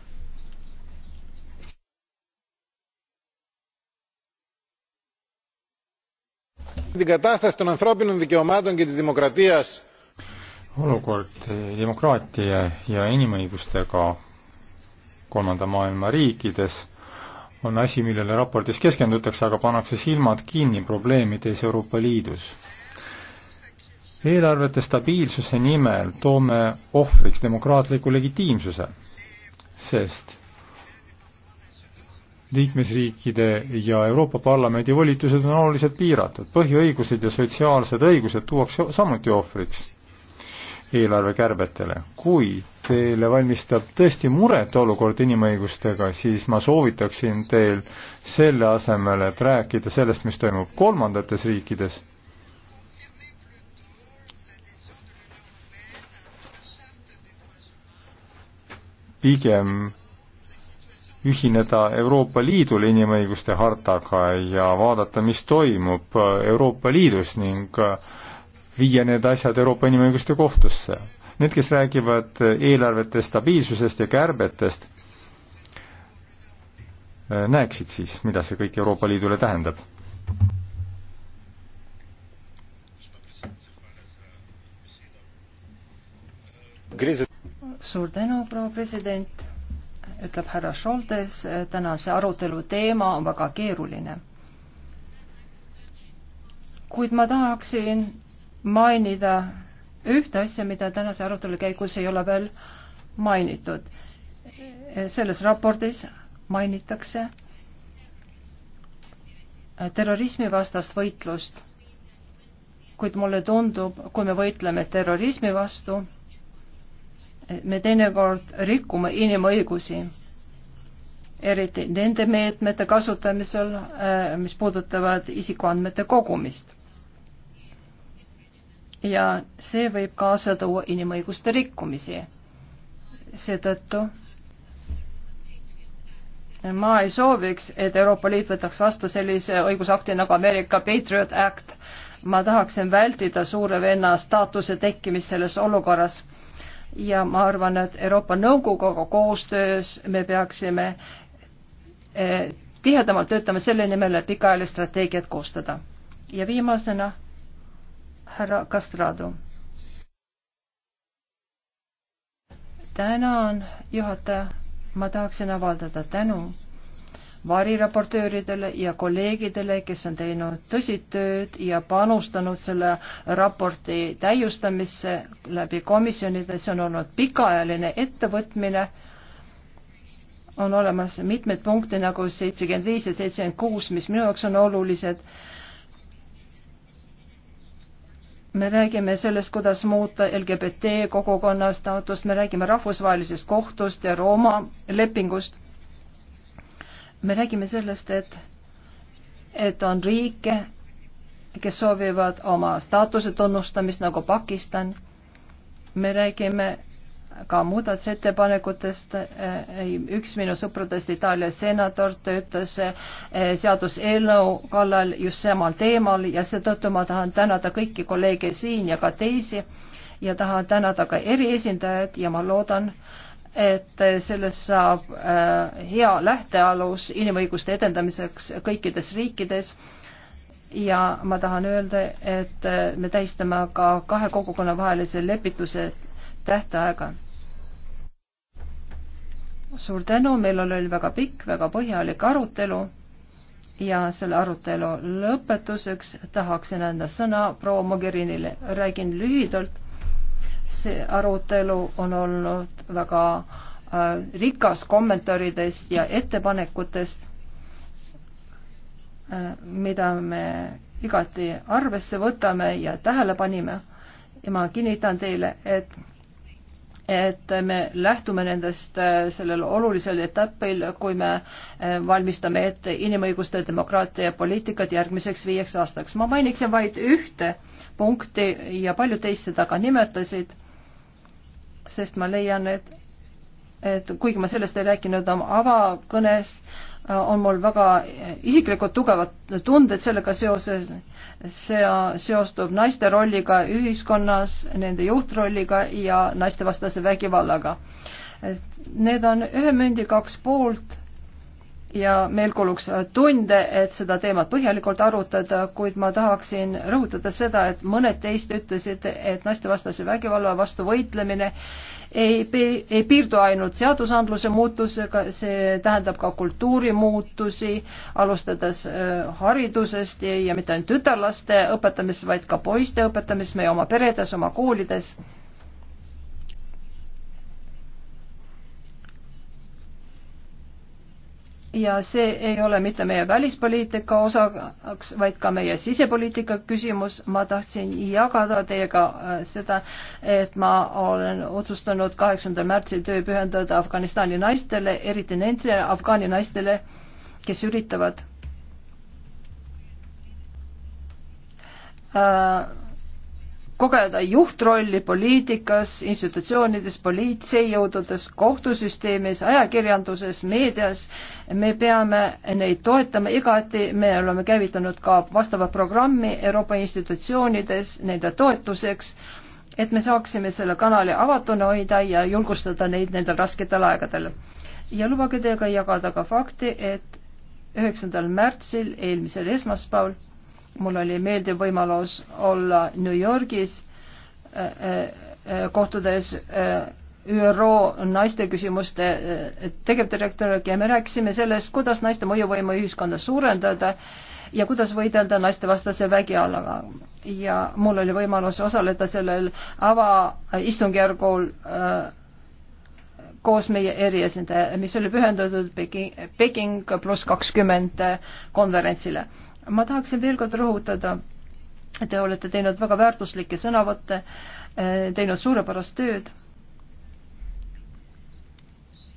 την κατάσταση των ανθρώπινων δικαιωμάτων και της δημοκρατίας olukord eh, demokraatia ja inimõigustega kolmanda maailma riikides on asi, millele raportis keskendutakse, aga pannakse silmad kinni probleemides Euroopa Liidus. eelarvete stabiilsuse nimel toome ohvriks demokraatliku legitiimsuse, sest liikmesriikide ja Euroopa Parlamendi volitused on oluliselt piiratud, põhiõigused ja sotsiaalsed õigused tuuakse samuti ohvriks eelarvekärbetele. kui teile valmistab tõesti muret olukord inimõigustega, siis ma soovitaksin teil selle asemel, et rääkida sellest, mis toimub kolmandates riikides, pigem ühineda Euroopa Liidul inimõiguste hartaga ja vaadata, mis toimub Euroopa Liidus ning viia need asjad Euroopa Inimõiguste Kohtusse. Need, kes räägivad eelarvete stabiilsusest ja kärbetest, näeksid siis, mida see kõik Euroopa Liidule tähendab. suur tänu, proua president ütleb härra Šoltes, tänase arutelu teema on väga keeruline. kuid ma tahaksin mainida ühte asja, mida tänase arutelu käigus ei ole veel mainitud. selles raportis mainitakse terrorismivastast võitlust. kuid mulle tundub, kui me võitleme terrorismi vastu, me teinekord rikume inimõigusi, eriti nende meetmete kasutamisel, äh, mis puudutavad isikuandmete kogumist. ja see võib kaasa tuua inimõiguste rikkumisi. seetõttu ma ei sooviks, et Euroopa Liit võtaks vastu sellise õigusakti nagu Ameerika Patriot Act. ma tahaksin vältida suure venna staatuse tekkimist selles olukorras ja ma arvan, et Euroopa Nõukoguga koostöös me peaksime eh, tihedamalt töötama selle nimel, et pikaajalist strateegiat koostada. ja viimasena härra Castrado. tänan, juhataja, ma tahaksin avaldada tänu variraportööridele ja kolleegidele, kes on teinud tõsid tööd ja panustanud selle raporti täiustamisse läbi komisjonide, see on olnud pikaajaline ettevõtmine, on olemas mitmeid punkte nagu seitsekümmend viis ja seitsekümmend kuus, mis minu jaoks on olulised me räägime sellest, kuidas muuta LGBT kogukonna staatust, me räägime rahvusvahelisest kohtust ja Rooma lepingust me räägime sellest, et, et on riike, kes soovivad oma staatuse tunnustamist nagu Pakistan. me räägime ka muudatusettepanekutest, üks minu sõpradest Itaalia senator töötas eh, seaduseelnõu kallal just samal teemal ja seetõttu ma tahan tänada kõiki kolleege siin ja ka teisi ja tahan tänada ka eriesindajad ja ma loodan, et sellest saab äh, hea lähtealus inimõiguste edendamiseks kõikides riikides ja ma tahan öelda, et äh, me tähistame ka kahe kogukonna vahelise lepituse tähtaega. suur tänu, meil oli väga pikk, väga põhjalik arutelu ja selle arutelu lõpetuseks tahaksin anda sõna proua Mogherinile. räägin lühidalt see arutelu on olnud väga äh, rikas kommentaaridest ja ettepanekutest, äh, mida me igati arvesse võtame ja tähele panime. ja ma kinnitan teile, et, et me lähtume nendest äh, sellel olulisel etapil, kui me valmistame ette inimõiguste, demokraatia ja poliitikat järgmiseks viieks aastaks. ma mainiksin vaid ühte punkti ja paljud teist seda ka nimetasid, sest ma leian, et, et kuigi ma sellest ei rääkinud oma avakõnes, on mul väga isiklikult tugevad tunded sellega seoses, see seostub naiste rolliga ühiskonnas, nende juhtrolliga ja naistevastase vägivallaga. Need on ühe mündi kaks poolt ja meil kuluks tunde, et seda teemat põhjalikult arutada, kuid ma tahaksin rõhutada seda, et mõned teist ütlesid, et naistevastase vägivalla vastu võitlemine ei, ei piirdu ainult seadusandluse muutusega, see tähendab ka kultuurimuutusi, alustades äh, haridusest ja, ja mitte ainult tütarlaste õpetamist, vaid ka poiste õpetamist meie oma peredes, oma koolides ja see ei ole mitte meie välispoliitika osaks, vaid ka meie sisepoliitika küsimus. ma tahtsin jagada teiega äh, seda, et ma olen otsustanud kaheksandal märtsil töö pühendada Afganistani naistele, eriti nendele afgaani naistele, kes üritavad äh, kogeda juhtrolli poliitikas, institutsioonides, politseijõududes, kohtusüsteemis, ajakirjanduses, meedias. me peame neid toetama igati, me oleme käivitanud ka vastava programmi Euroopa institutsioonides nende toetuseks, et me saaksime selle kanali avatuna hoida ja julgustada neid nendel rasketel aegadel. ja lubage teiega jagada ka fakti, et üheksandal märtsil eelmisel esmaspäeval mul oli meeldiv võimalus olla New Yorgis äh, äh, äh, kohtudes ÜRO naiste küsimuste tegevdirektoriga ja me rääkisime sellest, kuidas naiste mõjuvõimu ühiskonda suurendada ja kuidas võidelda naistevastase vägiallaga. ja mul oli võimalus osaleda sellel avaistungjärgul koos meie eriesindaja, mis oli pühendatud Peking, Peking pluss kakskümmend konverentsile ma tahaksin veel kord rõhutada, te olete teinud väga väärtuslikke sõnavõtte, eh, teinud suurepärast tööd.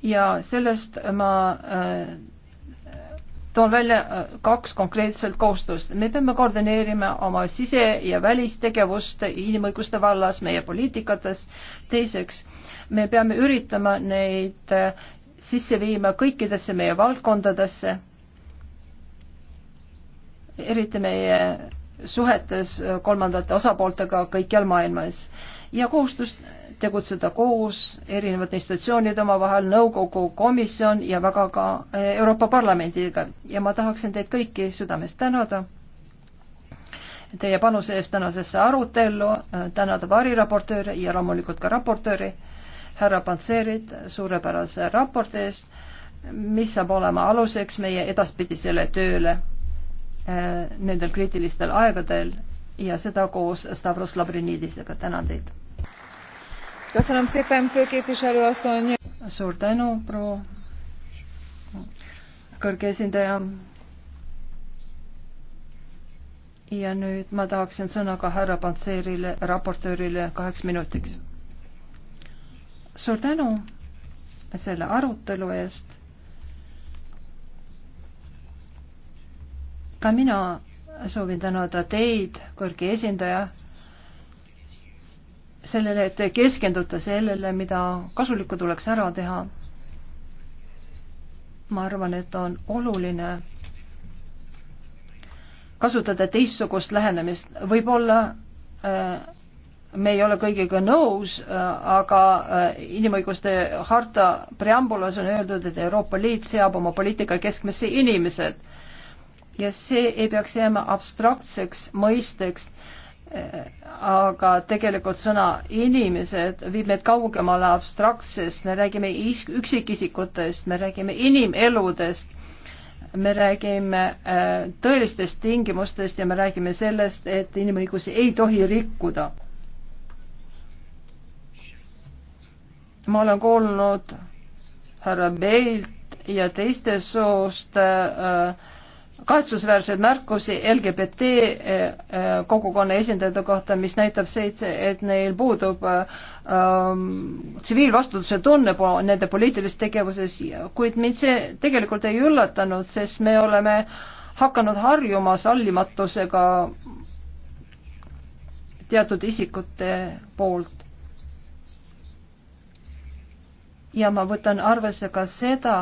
ja sellest ma eh, toon välja eh, kaks konkreetset kohustust. me peame koordineerima oma sise- ja välistegevust inimõiguste vallas, meie poliitikates. teiseks, me peame üritama neid sisse viima kõikidesse meie valdkondadesse eriti meie suhetes kolmandate osapooltega kõikjal maailmas ja kohustus tegutseda koos, erinevad institutsioonid omavahel, nõukogu, komisjon ja väga ka Euroopa Parlamendiga ja ma tahaksin teid kõiki südamest tänada. Teie panuse eest tänasesse arutellu, tänada variraportööre ja loomulikult ka raportööri, härra Pantserit suurepärase raporti eest, mis saab olema aluseks meie edaspidisele tööle Äh, nendel kriitilistel aegadel ja seda koos Stavros Labrinidisega. tänan teid. suur tänu, proua kõrge esindaja. ja nüüd ma tahaksin sõna ka härra Pantseerile, raportöörile kaheks minutiks. suur tänu selle arutelu eest ka mina soovin tänada teid, kõrge esindaja, sellele, et te keskendute sellele, mida kasulikku tuleks ära teha. ma arvan, et on oluline kasutada teistsugust lähenemist, võib-olla äh, me ei ole kõigega nõus, äh, aga äh, inimõiguste harta preambulas on öeldud, et Euroopa Liit seab oma poliitika keskmesse inimesed ja see ei peaks jääma abstraktseks mõisteks, aga tegelikult sõna inimesed viib meid kaugemale abstraktsest, me räägime üksikisikutest, me räägime inimeludest me räägime äh, tõelistest tingimustest ja me räägime sellest, et inimõigusi ei tohi rikkuda. ma olen kuulnud härra Beilt ja teiste soost äh, kahetsusväärseid märkusi LGBT eh, eh, kogukonna esindajate kohta, mis näitab seitse, et neil puudub ähm, tsiviilvastutuse ähm, tunne po nende poliitilises tegevuses, kuid mind see tegelikult ei üllatanud, sest me oleme hakanud harjuma sallimatusega teatud isikute poolt. ja ma võtan arvesse ka seda,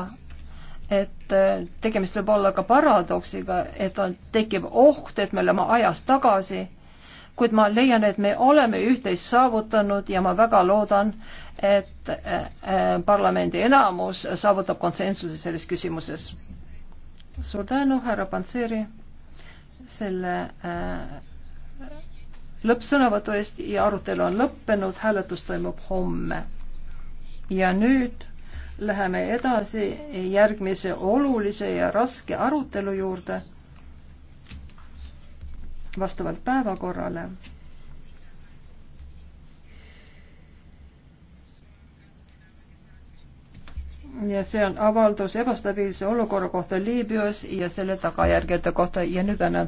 et äh, tegemist võib olla ka paradoksiga, et on, tekib oht, et me oleme ajas tagasi, kuid ma leian, et me oleme üht-teist saavutanud ja ma väga loodan, et äh, äh, parlamendi enamus saavutab konsensuse selles küsimuses. suur tänu, härra Pantseri, selle lõppsõnavõtu eest ja arutelu on lõppenud, hääletus toimub homme. ja nüüd Läheme edasi järgmise olulise ja raske arutelu juurde vastavalt päevakorrale. ja see on avaldus ebastabiilse olukorra kohta Liibüas ja selle tagajärgede kohta ja nüüd annan